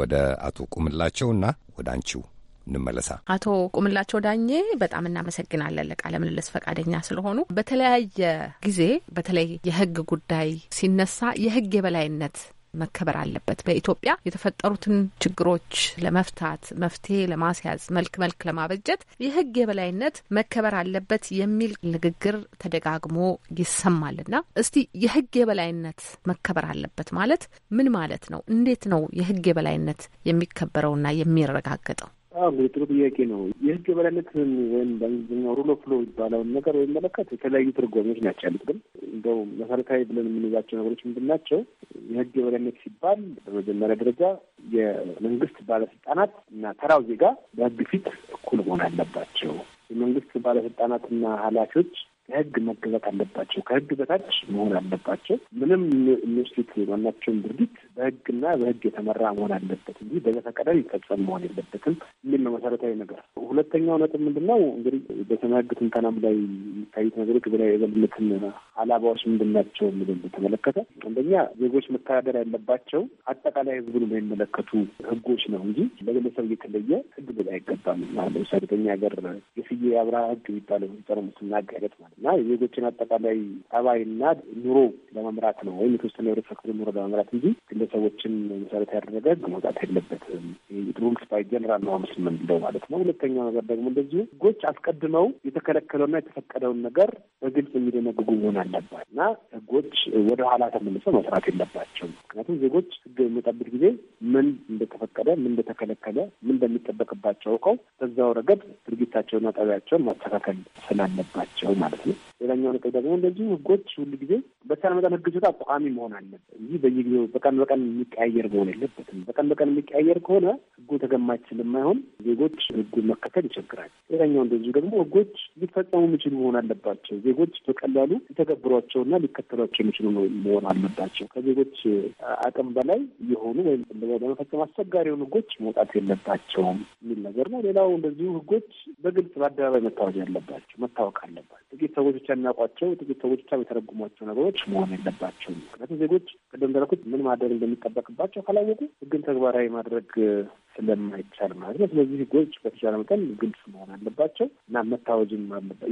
ወደ አቶ ቁምላቸውና ወደ አንቺው እንመለሳ። አቶ ቁምላቸው ዳኜ በጣም እናመሰግናለን ለቃለ ምልልስ ፈቃደኛ ስለሆኑ። በተለያየ ጊዜ በተለይ የህግ ጉዳይ ሲነሳ የህግ የበላይነት መከበር አለበት። በኢትዮጵያ የተፈጠሩትን ችግሮች ለመፍታት መፍትሄ ለማስያዝ መልክ መልክ ለማበጀት የህግ የበላይነት መከበር አለበት የሚል ንግግር ተደጋግሞ ይሰማልና እስቲ የህግ የበላይነት መከበር አለበት ማለት ምን ማለት ነው? እንዴት ነው የህግ የበላይነት የሚከበረውና የሚረጋገጠው? እንግዲህ ጥሩ ጥያቄ ነው። የህግ የበላይነት ወይም በእንግሊዝኛው ሩል ኦፍ ሎው የሚባለውን ነገር በሚመለከት የተለያዩ ትርጓሜዎች ናቸው ያሉት። ግን እንደው መሰረታዊ ብለን የምንይዛቸው ነገሮች ምንድን ናቸው? የህግ የበላይነት ሲባል በመጀመሪያ ደረጃ የመንግስት ባለስልጣናት እና ተራው ዜጋ በህግ ፊት እኩል መሆን አለባቸው። የመንግስት ባለስልጣናትና ኃላፊዎች ከህግ መገዛት አለባቸው። ከህግ በታች መሆን አለባቸው። ምንም የሚወስዱት ማናቸውም ድርጊት በህግና በህግ የተመራ መሆን አለበት እንጂ በዛ ተቀዳሚ ይፈጸም መሆን የለበትም የሚል ነው መሰረታዊ ነገር። ሁለተኛው ነጥብ ምንድን ነው እንግዲህ በስነ ህግ ትንተናም ላይ የሚታዩት ነገሮች በላይ የበላይነትን አላባዎች ምንድን ናቸው የሚልን በተመለከተ አንደኛ ዜጎች መተዳደር ያለባቸው አጠቃላይ ህዝቡን የሚመለከቱ ህጎች ነው እንጂ ለግለሰብ እየተለየ ህግ ብላ አይገባም። ለምሳሌ በኛ ሀገር የስዬ አብርሃ ህግ የሚባለው ጸረ ሙስና ማለት እና የዜጎችን አጠቃላይ ጠባይና ኑሮ ለመምራት ነው ወይም የተወሰነ የህብረተሰብ ክፍል ኑሮ ለመምራት እንጂ ግለሰቦችን መሰረት ያደረገ መውጣት የለበትም። ሩልስ ባይ ጀነራል ነው አምስት የምንለው ማለት ነው። ሁለተኛው ነገር ደግሞ እንደዚሁ ህጎች አስቀድመው የተከለከለውና የተፈቀደውን ነገር በግልጽ የሚደነግጉ መሆን አለባት እና ህጎች ወደ ኋላ ተመልሰው መስራት የለባቸው። ምክንያቱም ዜጎች ህግ የሚወጣበት ጊዜ ምን እንደተፈቀደ፣ ምን እንደተከለከለ፣ ምን እንደሚጠበቅባቸው አውቀው በዛው ረገድ ድርጊታቸውና ጠቢያቸውን ማስተካከል ስላለባቸው ማለት ነው። ነው። ሌላኛው ነጥብ ደግሞ እንደዚሁ ህጎች ሁሉ ጊዜ በተቻለ መጠን ህግ ሲወጣ ቋሚ መሆን አለበት እንጂ በየጊዜው በቀን በቀን የሚቀያየር መሆን የለበትም። በቀን በቀን የሚቀያየር ከሆነ ህጉ ተገማች ስለማይሆን ዜጎች ህጉን መከተል ይቸግራል። ሌላኛው እንደዚሁ ደግሞ ህጎች ሊፈጸሙ የሚችሉ መሆን አለባቸው። ዜጎች በቀላሉ ሊተገብሯቸውና ሊከተሏቸው የሚችሉ መሆን አለባቸው። ከዜጎች አቅም በላይ የሆኑ ወይም ለመፈጸም አስቸጋሪ የሆኑ ህጎች መውጣት የለባቸውም የሚል ነገር ነው። ሌላው እንደዚሁ ህጎች በግልጽ በአደባባይ መታወጅ አለባቸው መታወቅ አለባቸው። ጥቂት ሰዎች ብቻ የሚያውቋቸው ጥቂት ሰዎች ብቻ የተረጉሟቸው ነገሮች መሆን የለባቸውም። ምክንያቱም ዜጎች ቅድም እንዳልኩት ምን ማድረግ እንደሚጠበቅባቸው ካላወቁ ህግን ተግባራዊ ማድረግ ስለማይቻል ማለት ነው። ስለዚህ ህጎች በተቻለ መጠን ግልጽ መሆን አለባቸው እና መታወጅም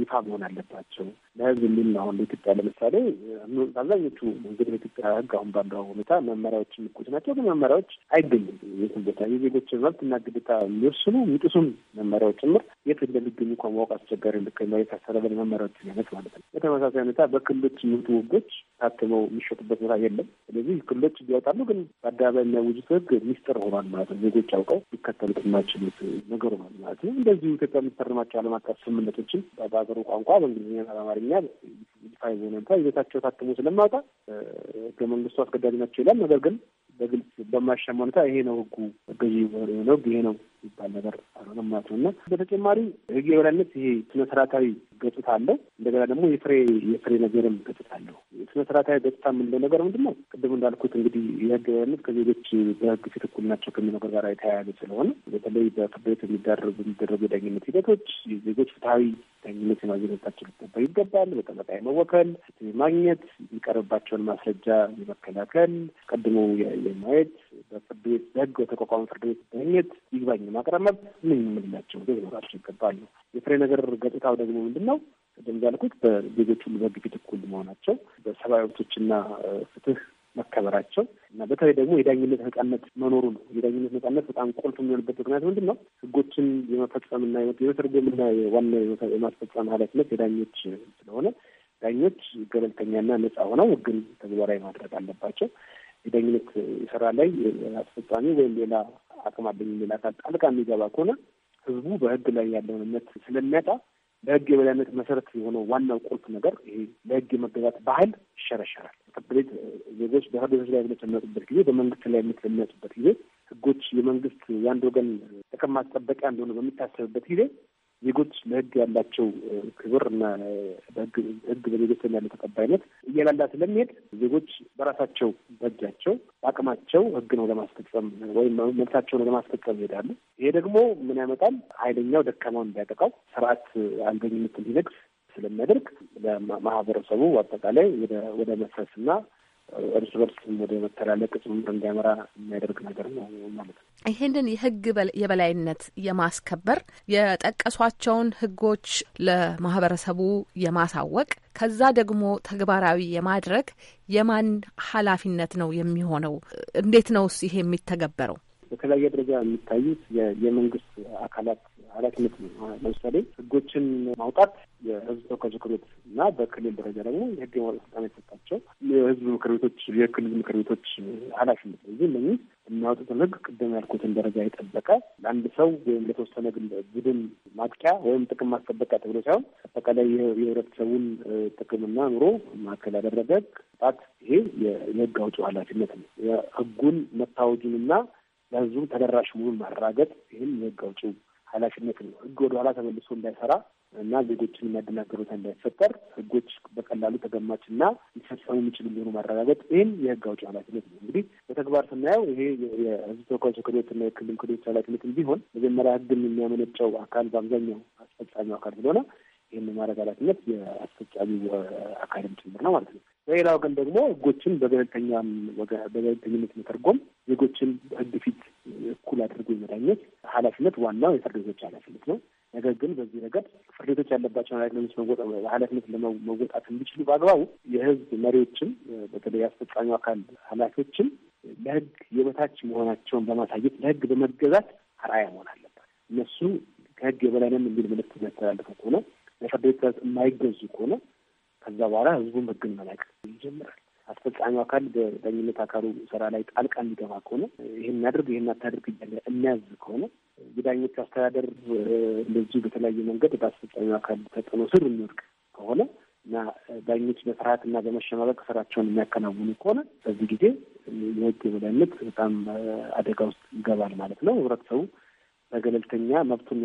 ይፋ መሆን አለባቸው ለህዝብ የሚል ነው። አሁን ለኢትዮጵያ ለምሳሌ አብዛኞቹ እንግዲህ በኢትዮጵያ ህግ አሁን ባለው ሁኔታ መመሪያዎች የሚቁት ናቸው። ግን መመሪያዎች አይገኙም የትም ቦታ የዜጎችን መብትና ግዴታ የሚወስኑ የሚጥሱም መመሪያዎች ጭምር የት እንደሚገኙ እንኳ ማወቅ አስቸጋሪ ልክ መሬት አስተዳደር መመሪያዎች አይነት ማለት ነው። በተመሳሳይ ሁኔታ በክልሎች የሚወጡ ህጎች ታትመው የሚሸጡበት ቦታ የለም። ስለዚህ ክልሎች ቢያወጣሉ፣ ግን በአደባባይ የሚያውጁት ህግ ሚስጥር ሆኗል ማለት ነው ዜጎች አውቀ አውቀው ሊከተሉት የማይችሉት ነገሩ ነው። ማለት እንደዚሁ ኢትዮጵያ የምትፈርማቸው ዓለም አቀፍ ስምምነቶችን በሀገሩ ቋንቋ በእንግሊዝኛ፣ በአማርኛ ፋይዞ ነንታ ይዘታቸው ታትሞ ስለማውጣ ህገ መንግስቱ አስገዳጅ ናቸው ይላል። ነገር ግን በግልጽ በማያሻማ ሁኔታ ይሄ ነው ህጉ ገዢ ነው ይሄ ነው የሚባል ነገር አልሆነም ማለት ነው እና በተጨማሪ ህግ የበላይነት ይሄ ስነስርዓታዊ ገጽታ አለው። እንደገና ደግሞ የፍሬ የፍሬ ነገርም ገጽታ አለው። ስነስርዓታዊ ገጽታ የምንለው ነገር ምንድን ነው? ቅድም እንዳልኩት እንግዲህ የህግ የበላይነት ከዜጎች በህግ ፊት እኩል ናቸው ከሚለው ነገር ጋር የተያያዘ ስለሆነ በተለይ በፍርድ ቤት የሚደረጉ የሚደረጉ የዳኝነት ሂደቶች የዜጎች ፍትሀዊ ዳኝነት የማግኘታቸው ሊጠበቅ ይገባል። በጠበቃ የመወከል ማግኘት፣ የሚቀርብባቸውን ማስረጃ የመከላከል ቀድሞ የማየት በፍርድ ቤት በህግ በተቋቋመ ፍርድ ቤት መገኘት ይግባኝ ማቅረብ መብት ምን የምንላቸው ሊኖራቸው ይገባሉ። የፍሬ ነገር ገጽታው ደግሞ ምንድን ነው? ቅድም እንዳልኩት በዜጎች ሁሉ በህግ ፊት እኩል መሆናቸው፣ በሰብአዊ መብቶችና ፍትህ መከበራቸው እና በተለይ ደግሞ የዳኝነት ነጻነት መኖሩ ነው። የዳኝነት ነጻነት በጣም ቁልፍ የሚሆንበት ምክንያት ምንድን ነው? ህጎችን የመፈጸምና የመተርጎምና ዋና የማስፈጸም ኃላፊነት የዳኞች ስለሆነ ዳኞች ገለልተኛና ነጻ ሆነው ህግን ተግባራዊ ማድረግ አለባቸው። ዳኝነት ስራ ላይ አስፈጻሚ ወይም ሌላ አቅም አለኝ የሚል አካል ጣልቃ የሚገባ ከሆነ ህዝቡ በህግ ላይ ያለውን እምነት ስለሚያጣ ለህግ የበላይነት መሰረት የሆነው ዋናው ቁልፍ ነገር ይሄ ለህግ የመገዛት ባህል ይሸረሸራል። ፍርድቤት ዜጎች በፍርድ ቤቶች ላይ እምነት በሚያጡበት ጊዜ፣ በመንግስት ላይ እምነት በሚያጡበት ጊዜ ህጎች የመንግስት የአንድ ወገን ጥቅም ማስጠበቂያ እንደሆነ በሚታሰብበት ጊዜ ዜጎች ለህግ ያላቸው ክብር እና ህግ በዜጎች ያለ ተቀባይነት እየላላ ስለሚሄድ ዜጎች በራሳቸው በእጃቸው አቅማቸው ህግ ነው ለማስፈጸም ወይም መብታቸው ነው ለማስፈጸም ይሄዳሉ። ይሄ ደግሞ ምን ያመጣል? ኃይለኛው ደካማውን እንዲያጠቃው፣ ስርዓት አልበኝነት እንዲነግስ ስለሚያደርግ ለማህበረሰቡ አጠቃላይ ወደ መፍረስና እርስ በርስ ወደ መተላለቅ ጭምር እንዲያመራ የሚያደርግ ነገር ነው ማለት ነው። ይህንን የህግ የበላይነት የማስከበር የጠቀሷቸውን ህጎች ለማህበረሰቡ የማሳወቅ ከዛ ደግሞ ተግባራዊ የማድረግ የማን ኃላፊነት ነው የሚሆነው? እንዴት ነው ይሄ የሚተገበረው? በተለያየ ደረጃ የሚታዩት የመንግስት አካላት ኃላፊነት ነው። ለምሳሌ ህጎችን ማውጣት የህዝብ ተወካዮች ምክር ቤት እና በክልል ደረጃ ደግሞ የህግ የማውጣት ስልጣን የተሰጣቸው የህዝብ ምክር ቤቶች የክልል ምክር ቤቶች ኃላፊነት ነው። ስለዚህ እነዚህ የሚያወጡትን ህግ ቅድም ያልኩትን ደረጃ የጠበቀ ለአንድ ሰው ወይም ለተወሰነ ቡድን ማጥቂያ ወይም ጥቅም ማስጠበቂያ ተብሎ ሳይሆን አጠቃላይ የህብረተሰቡን ጥቅምና ኑሮ ማዕከል ያደረገ ጣት ይሄ የህግ አውጪ ኃላፊነት ነው። የህጉን መታወጁንና ለህዝቡ ተደራሽ መሆኑን ማረጋገጥ ይህም የህግ አውጪው ኃላፊነት ነው። ህግ ወደ ኋላ ተመልሶ እንዳይሰራ እና ዜጎችን የሚያደናግሩት እንዳይፈጠር ህጎች በቀላሉ ተገማች እና ሊፈጸሙ የሚችሉ እንዲሆኑ ማረጋገጥ ይህም የህግ አውጭ ኃላፊነት ነው። እንግዲህ በተግባር ስናየው ይሄ የህዝብ ተወካዮች ምክር ቤት እና የክልል ምክር ቤቶች ኃላፊነትም ቢሆን መጀመሪያ ህግን የሚያመነጨው አካል በአብዛኛው አስፈጻሚው አካል ስለሆነ ይህን ማድረግ ኃላፊነት የአስፈጻሚው አካልም ጭምር ነው ማለት ነው። በሌላ ግን ደግሞ ህጎችን በገለልተኛም በገለልተኝነት መተርጎም ዜጎችን ህግ ፊት እኩል አድርጎ የመዳኘት ኃላፊነት ዋናው የፍርድ ቤቶች ኃላፊነት ነው። ነገር ግን በዚህ ረገድ ፍርድ ቤቶች ያለባቸውን ኃላፊነት ኃላፊነት ለመወጣት እንዲችሉ በአግባቡ የህዝብ መሪዎችን በተለይ አስፈጻሚ አካል ኃላፊዎችን ለህግ የበታች መሆናቸውን በማሳየት ለህግ በመገዛት አርአያ መሆን አለባት። እነሱ ከህግ የበላይ የሚል ምልክት የሚያስተላልፉ ከሆነ ለፍርድ ቤት የማይገዙ ከሆነ ከዛ በኋላ ህዝቡም ህግን መናቅ ይጀምራል። አስፈጻሚው አካል በዳኝነት አካሉ ስራ ላይ ጣልቃ የሚገባ ከሆነ ይህን እናድርግ ይህን አታድርግ እያለ የሚያዝ ከሆነ የዳኞች አስተዳደር እንደዚሁ በተለያየ መንገድ በአስፈጻሚው አካል ተጽዕኖ ስር የሚወድቅ ከሆነ እና ዳኞች በፍርሀት እና በመሸማቀቅ ስራቸውን የሚያከናውኑ ከሆነ በዚህ ጊዜ የህግ የበላይነት በጣም አደጋ ውስጥ ይገባል ማለት ነው። ህብረተሰቡ በገለልተኛ መብቱን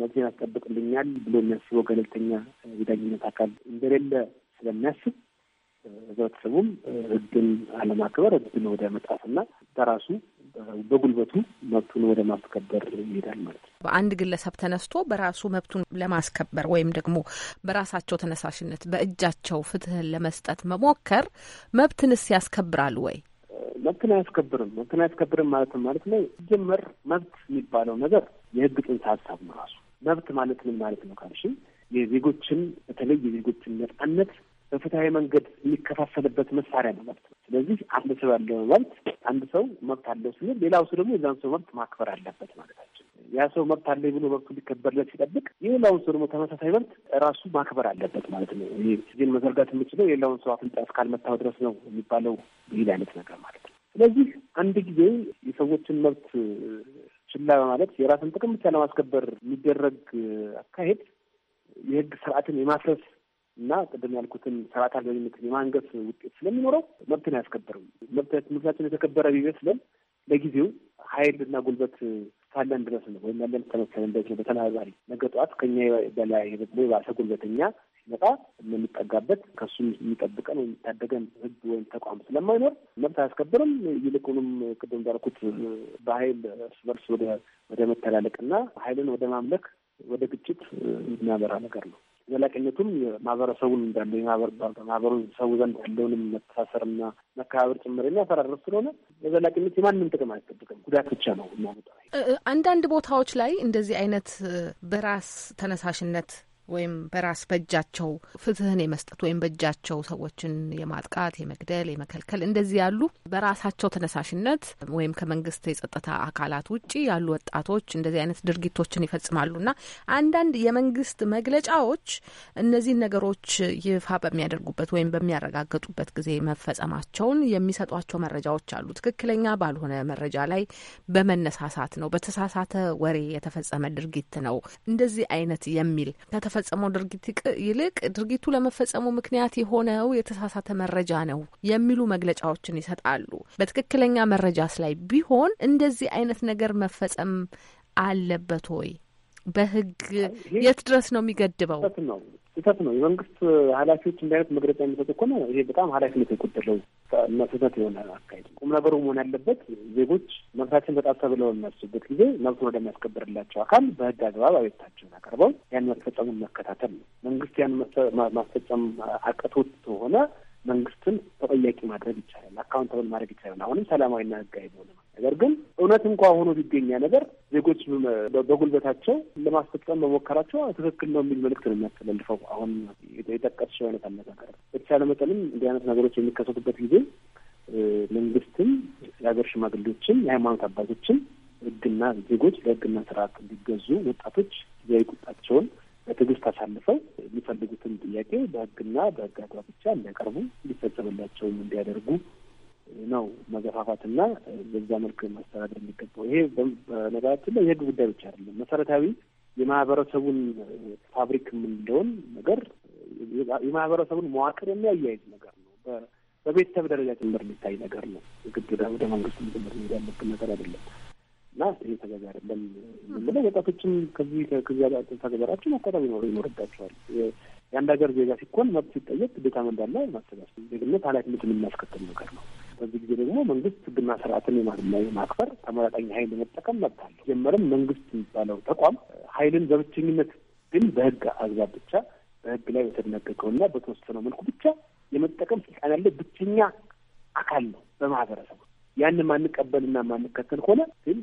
መብቱን ያስጠብቅልኛል ብሎ የሚያስበው ገለልተኛ የዳኝነት አካል እንደሌለ ስለሚያስብ ህብረተሰቡም ህግን አለማክበር ህግን ወደ መጣፍና በራሱ በጉልበቱ መብቱን ወደ ማስከበር ይሄዳል ማለት ነው። በአንድ ግለሰብ ተነስቶ በራሱ መብቱን ለማስከበር ወይም ደግሞ በራሳቸው ተነሳሽነት በእጃቸው ፍትህን ለመስጠት መሞከር መብትንስ ያስከብራል ወይ? መብትን አያስከብርም። መብትን አያስከብርም ማለት ማለት ነው። ሲጀመር መብት የሚባለው ነገር የህግ ጥንሰ ሀሳብ ነው። ራሱ መብት ማለት ምን ማለት ነው ካልሽኝ የዜጎችን በተለይ የዜጎችን ነጻነት በፍትሐዊ መንገድ የሚከፋፈልበት መሳሪያ ነው መብት ነው። ስለዚህ አንድ ሰው ያለው መብት አንድ ሰው መብት አለው ስንል ሌላው ሰው ደግሞ የዛን ሰው መብት ማክበር አለበት ማለታችን። ያ ሰው መብት አለ ብሎ መብቱ ሊከበርለት ሲጠብቅ የሌላውን ሰው ደግሞ ተመሳሳይ መብት ራሱ ማክበር አለበት ማለት ነው። ይህን መዘርጋት የምችለው የሌላውን ሰው አፍንጫ እስካልመታው ድረስ ነው የሚባለው ይል አይነት ነገር ማለት ነው። ስለዚህ አንድ ጊዜ የሰዎችን መብት ችላ በማለት የራስን ጥቅም ብቻ ለማስከበር የሚደረግ አካሄድ የህግ ስርዓትን የማፍረስ እና ቅድም ያልኩትን ስርዓት አልበኝነትን የማንገስ ውጤት ስለሚኖረው መብትን መብት መብታችን የተከበረ ቢመስለን ለጊዜው ኃይል እና ጉልበት ካለን ድረስ ነው ወይም ያለን ተመሰለን ድረስ ነው። በተናጋሪ ነገ ጠዋት ከኛ በላይ ደግሞ የባሰ ጉልበተኛ ሲመጣ የምንጠጋበት ከሱም የሚጠብቀን ወይም የሚታደገን ህግ ወይም ተቋም ስለማይኖር መብት አያስከብርም። ይልቁንም ቅድም እንዳልኩት በኃይል እርስ በርስ ወደ መተላለቅና ኃይልን ወደ ማምለክ ወደ ግጭት የሚያመራ ነገር ነው። ዘላቂነቱም ማህበረሰቡን እንዳለ ማህበረሰቡ ዘንድ ያለውንም መተሳሰርና መከባበር ጭምር የሚያፈራርስ ስለሆነ በዘላቂነት የማንም ጥቅም አይጠብቅም፣ ጉዳት ብቻ ነው የሚያመጣ። አንዳንድ ቦታዎች ላይ እንደዚህ አይነት በራስ ተነሳሽነት ወይም በራስ በእጃቸው ፍትህን የመስጠት ወይም በእጃቸው ሰዎችን የማጥቃት የመግደል፣ የመከልከል እንደዚህ ያሉ በራሳቸው ተነሳሽነት ወይም ከመንግስት የጸጥታ አካላት ውጭ ያሉ ወጣቶች እንደዚህ አይነት ድርጊቶችን ይፈጽማሉና አንዳንድ የመንግስት መግለጫዎች እነዚህን ነገሮች ይፋ በሚያደርጉበት ወይም በሚያረጋግጡበት ጊዜ መፈጸማቸውን የሚሰጧቸው መረጃዎች አሉ። ትክክለኛ ባልሆነ መረጃ ላይ በመነሳሳት ነው፣ በተሳሳተ ወሬ የተፈጸመ ድርጊት ነው እንደዚህ አይነት የሚል ከተፈጸመው ድርጊት ይልቅ ድርጊቱ ለመፈጸሙ ምክንያት የሆነው የተሳሳተ መረጃ ነው የሚሉ መግለጫዎችን ይሰጣሉ። በትክክለኛ መረጃስ ላይ ቢሆን እንደዚህ አይነት ነገር መፈጸም አለበት ወይ በህግ የት ድረስ ነው የሚገድበው? ነው ስህተት ነው። የመንግስት ኃላፊዎች እንዲህ አይነት መግለጫ የሚሰጥ እኮ ነው። ይሄ በጣም ኃላፊነት የጎደለው እና ስህተት የሆነ አካሄድ። ቁም ነገሩ መሆን ያለበት ዜጎች መብታችን ተጣሰ ብለው የሚያስቡበት ጊዜ መብቱን ወደሚያስከብርላቸው አካል በህግ አግባብ አቤቱታቸውን አቅርበው ያን መፈጸሙን መከታተል ነው። መንግስት ያን ማስፈጸም አቅቶት ሆነ መንግስትን ተጠያቂ ማድረግ ይቻላል፣ አካውንታብል ማድረግ ይቻላል። አሁንም ሰላማዊና ህጋዊ በሆነ ነገር ግን እውነት እንኳ ሆኖ ቢገኛ ነገር ዜጎች በጉልበታቸው ለማስፈጸም መሞከራቸው ትክክል ነው የሚል መልእክት ነው የሚያስተላልፈው። አሁን የጠቀስሽው አይነት አነጋገር በተቻለ መጠንም እንዲህ አይነት ነገሮች የሚከሰቱበት ጊዜ መንግስትም የሀገር ሽማግሌዎችም የሃይማኖት አባቶችም ህግና ዜጎች ለህግና ስርዓት እንዲገዙ ወጣቶች ጊዜያዊ ቁጣቸውን በትዕግስት አሳልፈው የሚፈልጉትን ጥያቄ በህግና በህግ አግባብ ብቻ እንዲያቀርቡ እንዲፈጸምላቸውም እንዲያደርጉ ነው መገፋፋትና በዛ መልክ ማስተዳደር የሚገባው። ይሄ በነገራችን ላይ የህግ ጉዳይ ብቻ አይደለም። መሰረታዊ የማህበረሰቡን ፋብሪክ የምንለውን ነገር የማህበረሰቡን መዋቅር የሚያያይዝ ነገር ነው። በቤተሰብ ደረጃ ጭምር የሚታይ ነገር ነው። ግድ ወደ መንግስት ጭምር መሄድ ያለብን ነገር አይደለም። እና ይሄ ተገቢ አይደለም የምንለው ወጣቶችም ከዚህ ከዚያ ተግባራችን አቋጣሚ ኖረ ይኖርባቸዋል። የአንድ ሀገር ዜጋ ሲኮን መብት ሲጠየቅ ግዴታም እንዳለ ማሰባሰብ ዜግነት ኃላፊነት የምናስከትል ነገር ነው። በዚህ ጊዜ ደግሞ መንግስት ህግና ስርዓትን የማክበር ተመራጣኝ ኃይል ለመጠቀም መብት አለው። ጀመርም መንግስት የሚባለው ተቋም ኃይልን በብቸኝነት ግን በህግ አግባብ ብቻ በህግ ላይ በተደነገገውና በተወሰነው መልኩ ብቻ የመጠቀም ስልጣን ያለ ብቸኛ አካል ነው በማህበረሰቡ ያን ማንቀበልና ማንከተል ከሆነ ግን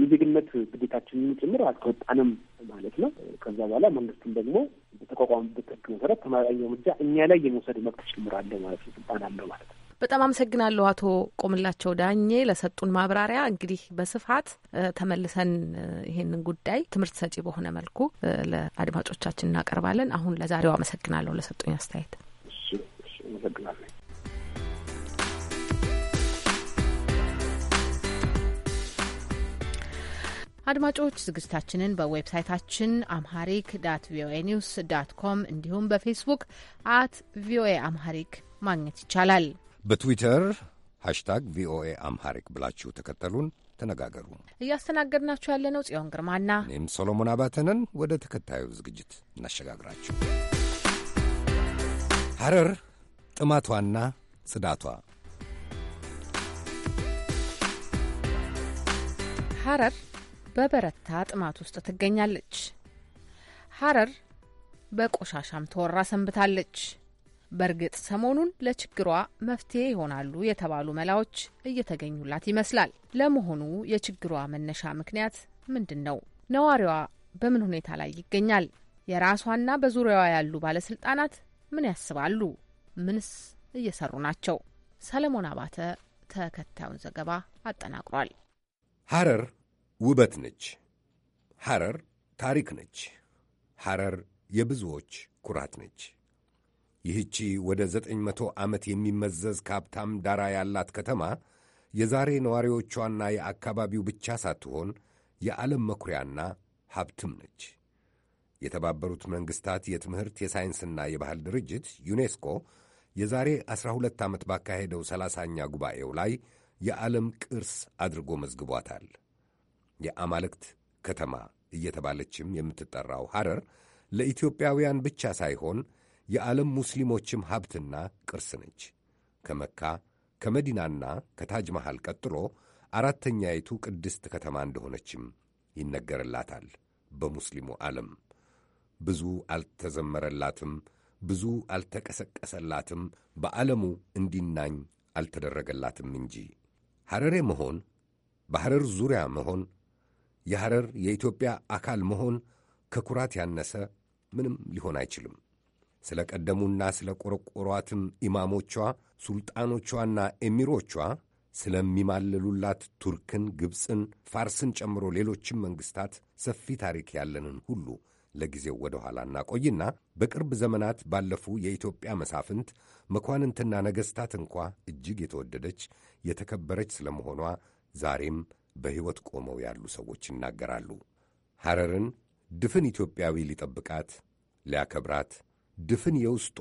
የዜግነት ግዴታችንን ጭምር አልተወጣንም ማለት ነው። ከዛ በኋላ መንግስትም ደግሞ በተቋቋመበት ህግ መሰረት ተማራኛ እርምጃ እኛ ላይ የመውሰድ መብት ጭምር አለ ማለት ነው፣ ስልጣን አለው ማለት ነው። በጣም አመሰግናለሁ አቶ ቆምላቸው ዳኜ ለሰጡን ማብራሪያ። እንግዲህ በስፋት ተመልሰን ይሄንን ጉዳይ ትምህርት ሰጪ በሆነ መልኩ ለአድማጮቻችን እናቀርባለን። አሁን ለዛሬው አመሰግናለሁ ለሰጡኝ አስተያየት። አመሰግናለሁ። አድማጮች ዝግጅታችንን በዌብሳይታችን አምሃሪክ ዳት ቪኦኤ ኒውስ ዳት ኮም እንዲሁም በፌስቡክ አት ቪኦኤ አምሃሪክ ማግኘት ይቻላል። በትዊተር ሃሽታግ ቪኦኤ አምሃሪክ ብላችሁ ተከተሉን፣ ተነጋገሩ። እያስተናገድናችሁ ያለነው ጽዮን ግርማና እኔም ሶሎሞን አባተንን። ወደ ተከታዩ ዝግጅት እናሸጋግራችሁ። ሐረር ጥማቷና ጽዳቷ ሐረር በበረታ ጥማት ውስጥ ትገኛለች። ሀረር በቆሻሻም ተወራ ሰንብታለች። በእርግጥ ሰሞኑን ለችግሯ መፍትሄ ይሆናሉ የተባሉ መላዎች እየተገኙላት ይመስላል። ለመሆኑ የችግሯ መነሻ ምክንያት ምንድን ነው? ነዋሪዋ በምን ሁኔታ ላይ ይገኛል? የራሷና በዙሪያዋ ያሉ ባለስልጣናት ምን ያስባሉ? ምንስ እየሰሩ ናቸው? ሰለሞን አባተ ተከታዩን ዘገባ አጠናቅሯል። ሐረር ውበት ነች። ሐረር ታሪክ ነች። ሐረር የብዙዎች ኩራት ነች። ይህቺ ወደ ዘጠኝ መቶ ዓመት የሚመዘዝ ከሀብታም ዳራ ያላት ከተማ የዛሬ ነዋሪዎቿና የአካባቢው ብቻ ሳትሆን የዓለም መኩሪያና ሀብትም ነች። የተባበሩት መንግሥታት የትምህርት የሳይንስና የባህል ድርጅት ዩኔስኮ የዛሬ 12 ዓመት ባካሄደው ሰላሳኛ ጉባኤው ላይ የዓለም ቅርስ አድርጎ መዝግቧታል። የአማልክት ከተማ እየተባለችም የምትጠራው ሐረር ለኢትዮጵያውያን ብቻ ሳይሆን የዓለም ሙስሊሞችም ሀብትና ቅርስ ነች። ከመካ ከመዲናና ከታጅ መሃል ቀጥሎ አራተኛይቱ ቅድስት ከተማ እንደሆነችም ይነገርላታል። በሙስሊሙ ዓለም ብዙ አልተዘመረላትም፣ ብዙ አልተቀሰቀሰላትም፣ በዓለሙ እንዲናኝ አልተደረገላትም እንጂ ሐረሬ መሆን በሐረር ዙሪያ መሆን የሐረር የኢትዮጵያ አካል መሆን ከኩራት ያነሰ ምንም ሊሆን አይችልም። ስለ ቀደሙና ስለ ቆረቆሯትም ኢማሞቿ፣ ሱልጣኖቿና ኤሚሮቿ ስለሚማልሉላት ቱርክን፣ ግብፅን፣ ፋርስን ጨምሮ ሌሎችም መንግሥታት ሰፊ ታሪክ ያለንን ሁሉ ለጊዜው ወደ ኋላ እናቆይና በቅርብ ዘመናት ባለፉ የኢትዮጵያ መሳፍንት መኳንንትና ነገሥታት እንኳ እጅግ የተወደደች የተከበረች ስለመሆኗ ዛሬም በሕይወት ቆመው ያሉ ሰዎች ይናገራሉ። ሐረርን ድፍን ኢትዮጵያዊ ሊጠብቃት፣ ሊያከብራት፣ ድፍን የውስጧ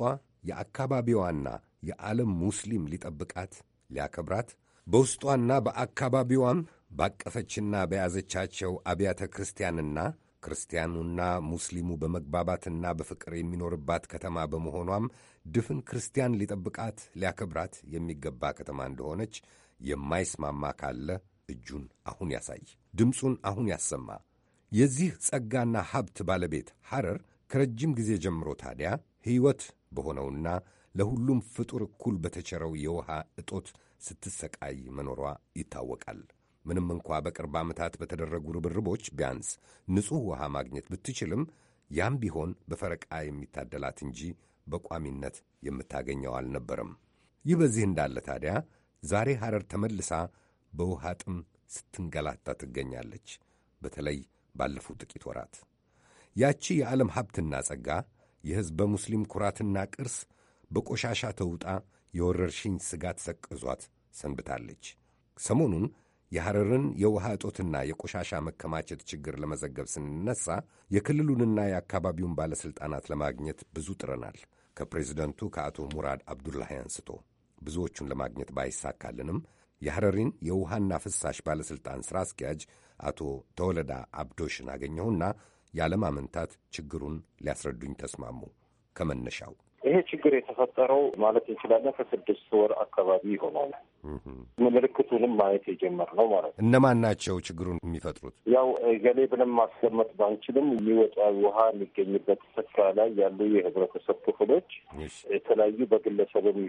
የአካባቢዋና የዓለም ሙስሊም ሊጠብቃት፣ ሊያከብራት በውስጧና በአካባቢዋም ባቀፈችና በያዘቻቸው አብያተ ክርስቲያንና ክርስቲያኑና ሙስሊሙ በመግባባትና በፍቅር የሚኖርባት ከተማ በመሆኗም ድፍን ክርስቲያን ሊጠብቃት ሊያከብራት የሚገባ ከተማ እንደሆነች የማይስማማ ካለ እጁን አሁን ያሳይ፣ ድምፁን አሁን ያሰማ። የዚህ ጸጋና ሀብት ባለቤት ሐረር ከረጅም ጊዜ ጀምሮ ታዲያ ሕይወት በሆነውና ለሁሉም ፍጡር እኩል በተቸረው የውሃ እጦት ስትሰቃይ መኖሯ ይታወቃል። ምንም እንኳ በቅርብ ዓመታት በተደረጉ ርብርቦች ቢያንስ ንጹሕ ውሃ ማግኘት ብትችልም ያም ቢሆን በፈረቃ የሚታደላት እንጂ በቋሚነት የምታገኘው አልነበረም። ይህ በዚህ እንዳለ ታዲያ ዛሬ ሐረር ተመልሳ በውሃ ጥም ስትንገላታ ትገኛለች። በተለይ ባለፉት ጥቂት ወራት ያቺ የዓለም ሀብትና ጸጋ የሕዝበ ሙስሊም ኩራትና ቅርስ በቆሻሻ ተውጣ የወረርሽኝ ስጋት ሰቅዟት ሰንብታለች። ሰሞኑን የሐረርን የውሃ እጦትና የቆሻሻ መከማቸት ችግር ለመዘገብ ስንነሳ የክልሉንና የአካባቢውን ባለሥልጣናት ለማግኘት ብዙ ጥረናል። ከፕሬዚደንቱ ከአቶ ሙራድ አብዱላሂ አንስቶ ብዙዎቹን ለማግኘት ባይሳካልንም የሐረሪን የውሃና ፍሳሽ ባለሥልጣን ሥራ አስኪያጅ አቶ ተወለዳ አብዶሽን አገኘሁና ያለማመንታት ችግሩን ሊያስረዱኝ ተስማሙ ከመነሻው ይሄ ችግር የተፈጠረው ማለት እንችላለን ከስድስት ወር አካባቢ ይሆናል። ምልክቱንም ማየት የጀመርነው ማለት ነው። እነማን ናቸው ችግሩን የሚፈጥሩት? ያው ገሌ ብለን ማስገመት ባንችልም የሚወጣ ውሃ የሚገኝበት ስፍራ ላይ ያሉ የህብረተሰብ ክፍሎች የተለያዩ በግለሰብም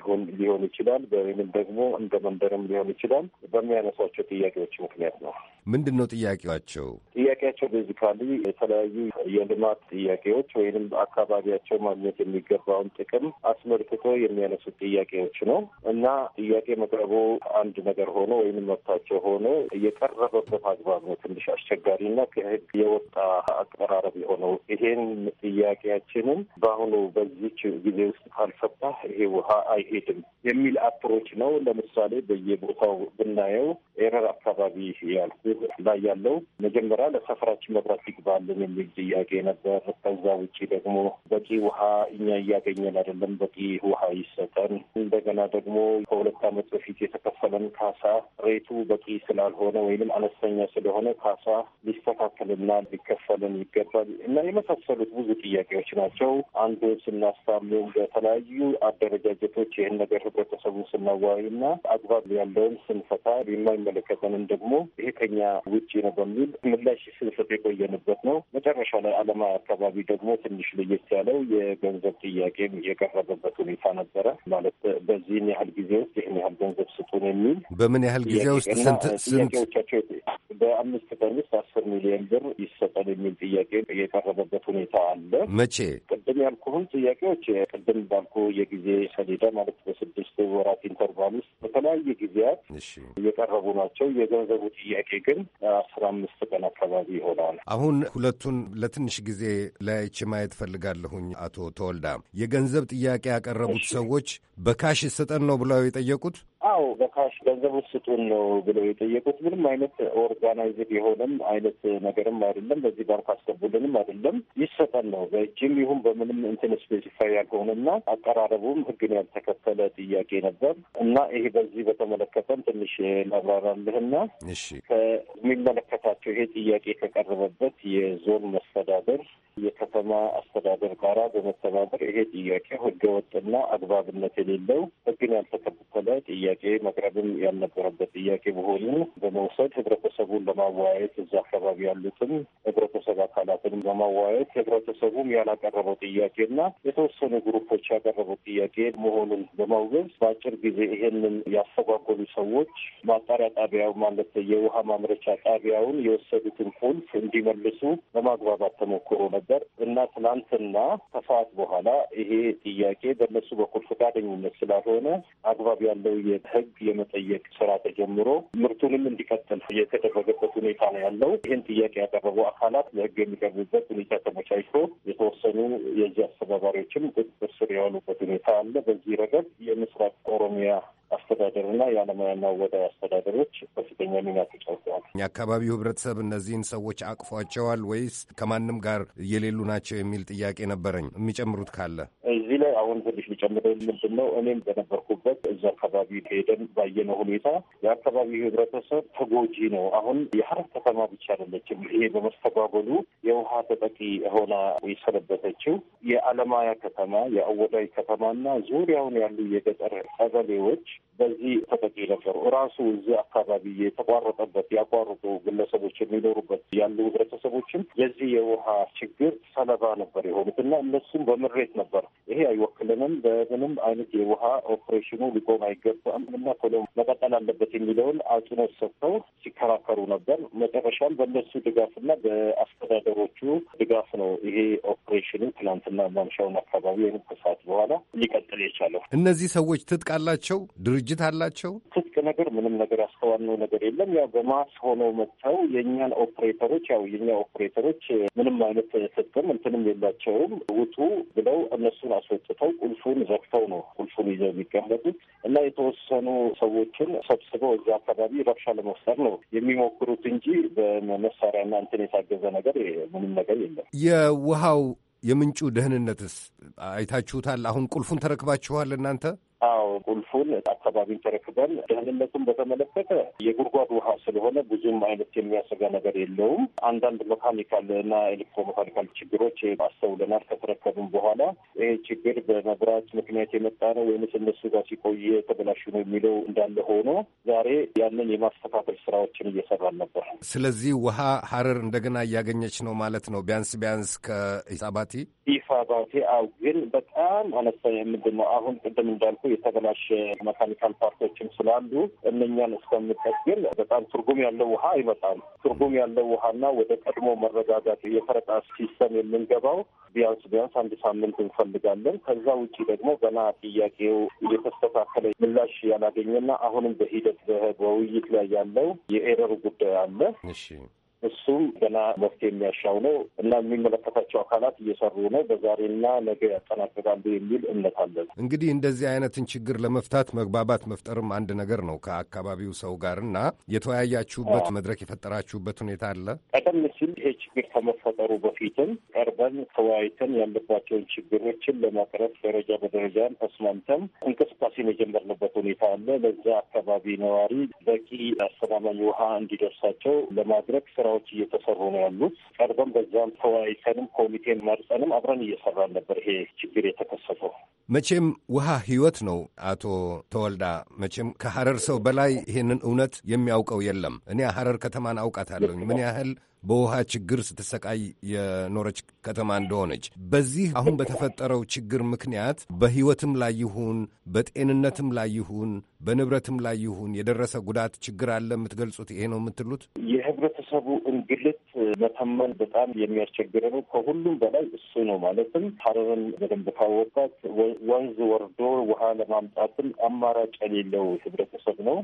ሊሆን ይችላል፣ ወይም ደግሞ እንደ መንደርም ሊሆን ይችላል። በሚያነሷቸው ጥያቄዎች ምክንያት ነው። ምንድን ነው ጥያቄዋቸው? ጥያቄያቸው ቤዚካሊ የተለያዩ የልማት ጥያቄዎች ወይንም አካባቢያቸው ማግኘት የሚገባውን ጥቅም አስመልክቶ የሚያነሱት ጥያቄዎች ነው እና ጥያቄ መቅረቡ አንድ ነገር ሆኖ ወይም መብታቸው ሆኖ የቀረበበት አግባብ ነው ትንሽ አስቸጋሪና ከህግ የወጣ አቀራረብ የሆነው። ይሄን ጥያቄያችንን በአሁኑ በዚች ጊዜ ውስጥ ካልፈታ ይሄ ውሃ አይሄድም የሚል አፕሮች ነው። ለምሳሌ በየቦታው ብናየው ኤረር አካባቢ ያልኩ ላይ ያለው መጀመሪያ ለሰፈራችን መብራት ይግባልን የሚል ጥያቄ ነበር። ከዛ ውጭ ደግሞ በቂ ውሃ እኛ እያገኘ ትክክል አይደለም። በቂ ውሃ ይሰጠን። እንደገና ደግሞ ከሁለት ዓመት በፊት የተከፈለን ካሳ ሬቱ በቂ ስላልሆነ ወይንም አነስተኛ ስለሆነ ካሳ ሊስተካከልና ሊከፈልን ይገባል እና የመሳሰሉት ብዙ ጥያቄዎች ናቸው። አንዱ ስናስታምም በተለያዩ አደረጃጀቶች ይህን ነገር ህብረተሰቡን ስናዋይና አግባብ ያለውን ስንፈታ የማይመለከተንን ደግሞ ይሄ ከኛ ውጭ ነው በሚል ምላሽ ስንሰጥ የቆየንበት ነው። መጨረሻ ላይ አለማ አካባቢ ደግሞ ትንሽ ለየት ያለው የገንዘብ ጥያቄ የቀረበበት ሁኔታ ነበረ። ማለት በዚህን ያህል ጊዜ ውስጥ ይህን ያህል ገንዘብ ስጡን የሚል በምን ያህል ጊዜ ውስጥ ስንት ጥያቄዎቻቸው በአምስት ቀን ውስጥ አስር ሚሊዮን ብር ይሰጠን የሚል ጥያቄ የቀረበበት ሁኔታ አለ። መቼ ቅድም ያልኩህን ጥያቄዎች ቅድም ባልኩ የጊዜ ሰሌዳ ማለት በስድስት ወራት ኢንተርቫል ውስጥ በተለያየ ጊዜያት እየቀረቡ ናቸው። የገንዘቡ ጥያቄ ግን አስራ አምስት ቀን አካባቢ ይሆናል። አሁን ሁለቱን ለትንሽ ጊዜ ለያይቼ ማየት ፈልጋለሁኝ። አቶ ተወልዳ የገንዘብ የገንዘብ ጥያቄ ያቀረቡት ሰዎች በካሽ ይሰጠን ነው ብለው የጠየቁት? አዎ በካሽ ገንዘብ ስጡን ነው ብለው የጠየቁት። ምንም አይነት ኦርጋናይዝድ የሆነም አይነት ነገርም አይደለም። በዚህ ባንክ አስገቡልንም አይደለም ይሰጠን ነው። በእጅም ይሁን በምንም እንትን ስፔሲፋይ ያልሆነና አቀራረቡም ህግን ያልተከተለ ጥያቄ ነበር እና ይሄ በዚህ በተመለከተም ትንሽ ላብራራልህና ከሚመለከታቸው ይሄ ጥያቄ ከቀረበበት የዞን መስተዳደር የከተማ አስተዳደር ጋራ በመተባበር ይሄ ጥያቄ ህገወጥና አግባብነት የሌ የሌለው ሕግን ያልተከተለ ጥያቄ መቅረብም ያልነበረበት ጥያቄ መሆኑ በመውሰድ ህብረተሰቡን ለማወያየት እዛ አካባቢ ያሉትን ህብረተሰብ አካላትን በማወያየት ህብረተሰቡም ያላቀረበው ጥያቄና የተወሰኑ ግሩፖች ያቀረበው ጥያቄ መሆኑን በማውገዝ በአጭር ጊዜ ይሄንን ያስተጓጎሉ ሰዎች ማጣሪያ ጣቢያው ማለት የውሃ ማምረቻ ጣቢያውን የወሰዱትን ቁልፍ እንዲመልሱ ለማግባባት ተሞክሮ ነበር እና ትናንትና ከሰዓት በኋላ ይሄ ጥያቄ በእነሱ በኩል ፈቃደኝነት ግንኙነት ስላልሆነ አግባብ ያለው የህግ የመጠየቅ ስራ ተጀምሮ ምርቱንም እንዲቀጥል የተደረገበት ሁኔታ ነው ያለው። ይህን ጥያቄ ያቀረቡ አካላት ለህግ የሚቀርቡበት ሁኔታ ተመቻችቶ የተወሰኑ የዚህ አስተባባሪዎችም ቁጥጥር ስር የዋሉበት ሁኔታ አለ። በዚህ ረገድ የምስራቅ ኦሮሚያ አስተዳደርና የአለማያና ወዳይ አስተዳደሮች ከፍተኛ ሚና ተጫውተዋል። የአካባቢው ህብረተሰብ እነዚህን ሰዎች አቅፏቸዋል ወይስ ከማንም ጋር የሌሉ ናቸው የሚል ጥያቄ ነበረኝ። የሚጨምሩት ካለ እዚህ ላይ አሁን ትንሽ ጨምሮ ምንድን ነው እኔም በነበርኩበት እዛ አካባቢ ሄደን ባየነው ሁኔታ የአካባቢው ህብረተሰብ ተጎጂ ነው። አሁን የሀረር ከተማ ብቻ አይደለችም። ይሄ በመስተጓጎሉ የውሃ ተጠቂ ሆና የሰነበተችው የአለማያ ከተማ፣ የአወዳይ ከተማና ዙሪያውን ያሉ የገጠር ቀበሌዎች በዚህ ተጠቂ ነበሩ። ራሱ እዚህ አካባቢ የተቋረጠበት ያቋረጡ ግለሰቦች የሚኖሩበት ያሉ ህብረተሰቦችም የዚህ የውሃ ችግር ሰለባ ነበር የሆኑት እና እነሱም በምሬት ነበር ይሄ አይወክልንም፣ በምንም አይነት የውሃ ኦፕሬሽኑ ሊቆም አይገባም እና ቶሎ መቀጠል አለበት የሚለውን አጽንኦት ሰጥተው ሲከራከሩ ነበር። መጨረሻም በእነሱ ድጋፍና በአስተዳደሮቹ ድጋፍ ነው ይሄ ኦፕሬሽኑ ትናንትና ማምሻውን አካባቢ ወይም ከሰዓት በኋላ ሊቀጥል የቻለው። እነዚህ ሰዎች ትጥቅ አላቸው ድርጅት ቅንጅት አላቸው። ትጥቅ ነገር ምንም ነገር ያስተዋልነው ነገር የለም። ያው በማስ ሆነው መጥተው የእኛን ኦፕሬተሮች ያው የኛ ኦፕሬተሮች ምንም አይነት ትጥቅም እንትንም የላቸውም ውጡ ብለው እነሱን አስወጥተው ቁልፉን ዘግተው ነው ቁልፉን ይዘው የሚቀመጡት እና የተወሰኑ ሰዎችን ሰብስበው እዛ አካባቢ ረብሻ ለመፍጠር ነው የሚሞክሩት እንጂ በመሳሪያና እንትን የታገዘ ነገር ምንም ነገር የለም። የውሃው የምንጩ ደህንነትስ አይታችሁታል? አሁን ቁልፉን ተረክባችኋል እናንተ? አዎ ቁልፉን አካባቢን ተረክበን ደህንነቱን በተመለከተ የጉድጓድ ውሃ ስለሆነ ብዙም አይነት የሚያሰጋ ነገር የለውም። አንዳንድ መካኒካል እና ኤሌክትሮመካኒካል ችግሮች አስተውለናል። ከተረከብን በኋላ ይህ ችግር በመብራት ምክንያት የመጣ ነው ወይም እነሱ ጋር ሲቆየ ተበላሽ ነው የሚለው እንዳለ ሆኖ ዛሬ ያንን የማስተካከል ስራዎችን እየሰራን ነበር። ስለዚህ ውሃ ሀረር እንደገና እያገኘች ነው ማለት ነው። ቢያንስ ቢያንስ ከኢሳባቲ ኢሳባቲ አው ግን በጣም አነስተኛ ምንድን ነው አሁን ቅድም እንዳልኩ የተበላሸ መካኒካል ፓርቶችም ስላሉ እነኛን እስከምጠግን በጣም ትርጉም ያለው ውሃ አይመጣም። ትርጉም ያለው ውሃና ወደ ቀድሞ መረጋጋት የፈረቃ ሲስተም የምንገባው ቢያንስ ቢያንስ አንድ ሳምንት እንፈልጋለን። ከዛ ውጭ ደግሞ ገና ጥያቄው እየተስተካከለ ምላሽ ያላገኘና አሁንም በሂደት በውይይት ላይ ያለው የኤረሩ ጉዳይ አለ። እሱም ገና መፍትሄ የሚያሻው ነው እና የሚመለከታቸው አካላት እየሰሩ ነው። በዛሬና ነገ ያጠናቅቃሉ የሚል እምነት አለን። እንግዲህ እንደዚህ አይነትን ችግር ለመፍታት መግባባት መፍጠርም አንድ ነገር ነው ከአካባቢው ሰው ጋር እና የተወያያችሁበት መድረክ የፈጠራችሁበት ሁኔታ አለ። ቀደም ሲል ይሄ ችግር ከመፈጠሩ በፊትም ቀርበን ተወያይተን ያለባቸውን ችግሮችን ለማቅረብ ደረጃ በደረጃን ተስማምተን እንቅስቃሴ የጀመርንበት ሁኔታ አለ። ለዛ አካባቢ ነዋሪ በቂ አስተማማኝ ውሃ እንዲደርሳቸው ለማድረግ ስራ ስራዎች እየተሰሩ ነው ያሉት። ቀርበን በዛም ተወያይተንም ኮሚቴን መርጠንም አብረን እየሰራን ነበር ይሄ ችግር የተከሰተው። መቼም ውሃ ህይወት ነው። አቶ ተወልዳ መቼም ከሀረር ሰው በላይ ይሄንን እውነት የሚያውቀው የለም። እኔ ሀረር ከተማን አውቃታለሁኝ ምን ያህል በውሃ ችግር ስትሰቃይ የኖረች ከተማ እንደሆነች በዚህ አሁን በተፈጠረው ችግር ምክንያት በሕይወትም ላይ ይሁን በጤንነትም ላይ ይሁን በንብረትም ላይ ይሁን የደረሰ ጉዳት ችግር አለ የምትገልጹት ይሄ ነው የምትሉት? የህብረተሰቡ እንግልት መተመን በጣም የሚያስቸግር ነው። ከሁሉም በላይ እሱ ነው። ማለትም ሀረርን በደንብ ካወቃት ወንዝ ወርዶ ውሃ ለማምጣትም አማራጭ የሌለው ህብረተሰብ ነው።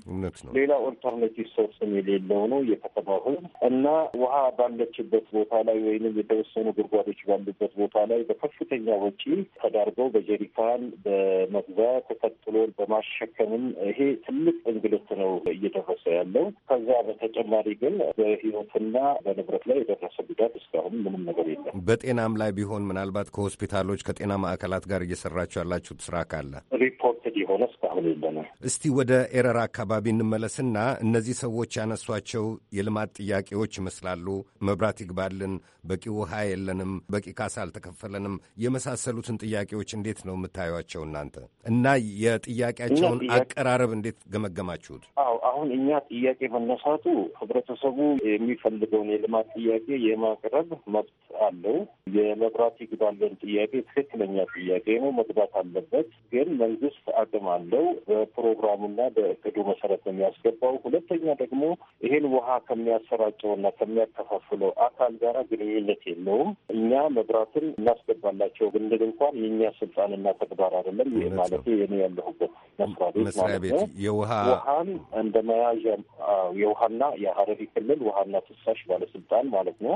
ሌላ ኦልተርኔቲቭ ሶርስም የሌለው ነው የከተማው ህዝብ እና ውሃ ባለችበት ቦታ ላይ ወይንም የተወሰኑ ጉድጓዶች ባሉበት ቦታ ላይ በከፍተኛ ወጪ ተዳርገው በጀሪካን በመግዛት ተቀጥሎ በማሸከምም ይሄ ትልቅ እንግልት ነው እየደረሰ ያለው። ከዛ በተጨማሪ ግን በህይወትና በንብረት ላይ የደረሰ ጉዳት እስካሁን ምንም ነገር የለም። በጤናም ላይ ቢሆን ምናልባት ከሆስፒታሎች ከጤና ማዕከላት ጋር እየሰራችሁ ያላችሁት ስራ ካለ ሪፖርትድ የሆነ እስካሁን የለንም። እስቲ ወደ ኤረር አካባቢ እንመለስና እነዚህ ሰዎች ያነሷቸው የልማት ጥያቄዎች ይመስላሉ መብራት ይግባልን፣ በቂ ውሃ የለንም፣ በቂ ካሳ አልተከፈለንም የመሳሰሉትን ጥያቄዎች እንዴት ነው የምታዩቸው እናንተ እና የጥያቄያቸውን አቀራረብ እንዴት ገመገማችሁት? አዎ አሁን እኛ ጥያቄ መነሳቱ ህብረተሰቡ የሚፈልገውን የልማት ጥያቄ የማቅረብ መብት አለው። የመብራት ይግባልን ጥያቄ ትክክለኛ ጥያቄ ነው፣ መግባት አለበት። ግን መንግስት አቅም አለው በፕሮግራሙና በእቅዱ መሰረት ነው የሚያስገባው። ሁለተኛ ደግሞ ይሄን ውሃ ከሚያሰራጨውና ከሚያከፍ ከሚያከፋፍለው አካል ጋራ ግንኙነት የለውም። እኛ መብራትን እናስገባላቸው ብንል እንኳን የእኛ ስልጣንና ተግባር አይደለም። ይህ ማለት የኔ ያለሁበት መስሪያ ቤት እንደ መያዣ የውሃና የሀረሪ ክልል ውሃና ፍሳሽ ባለስልጣን ማለት ነው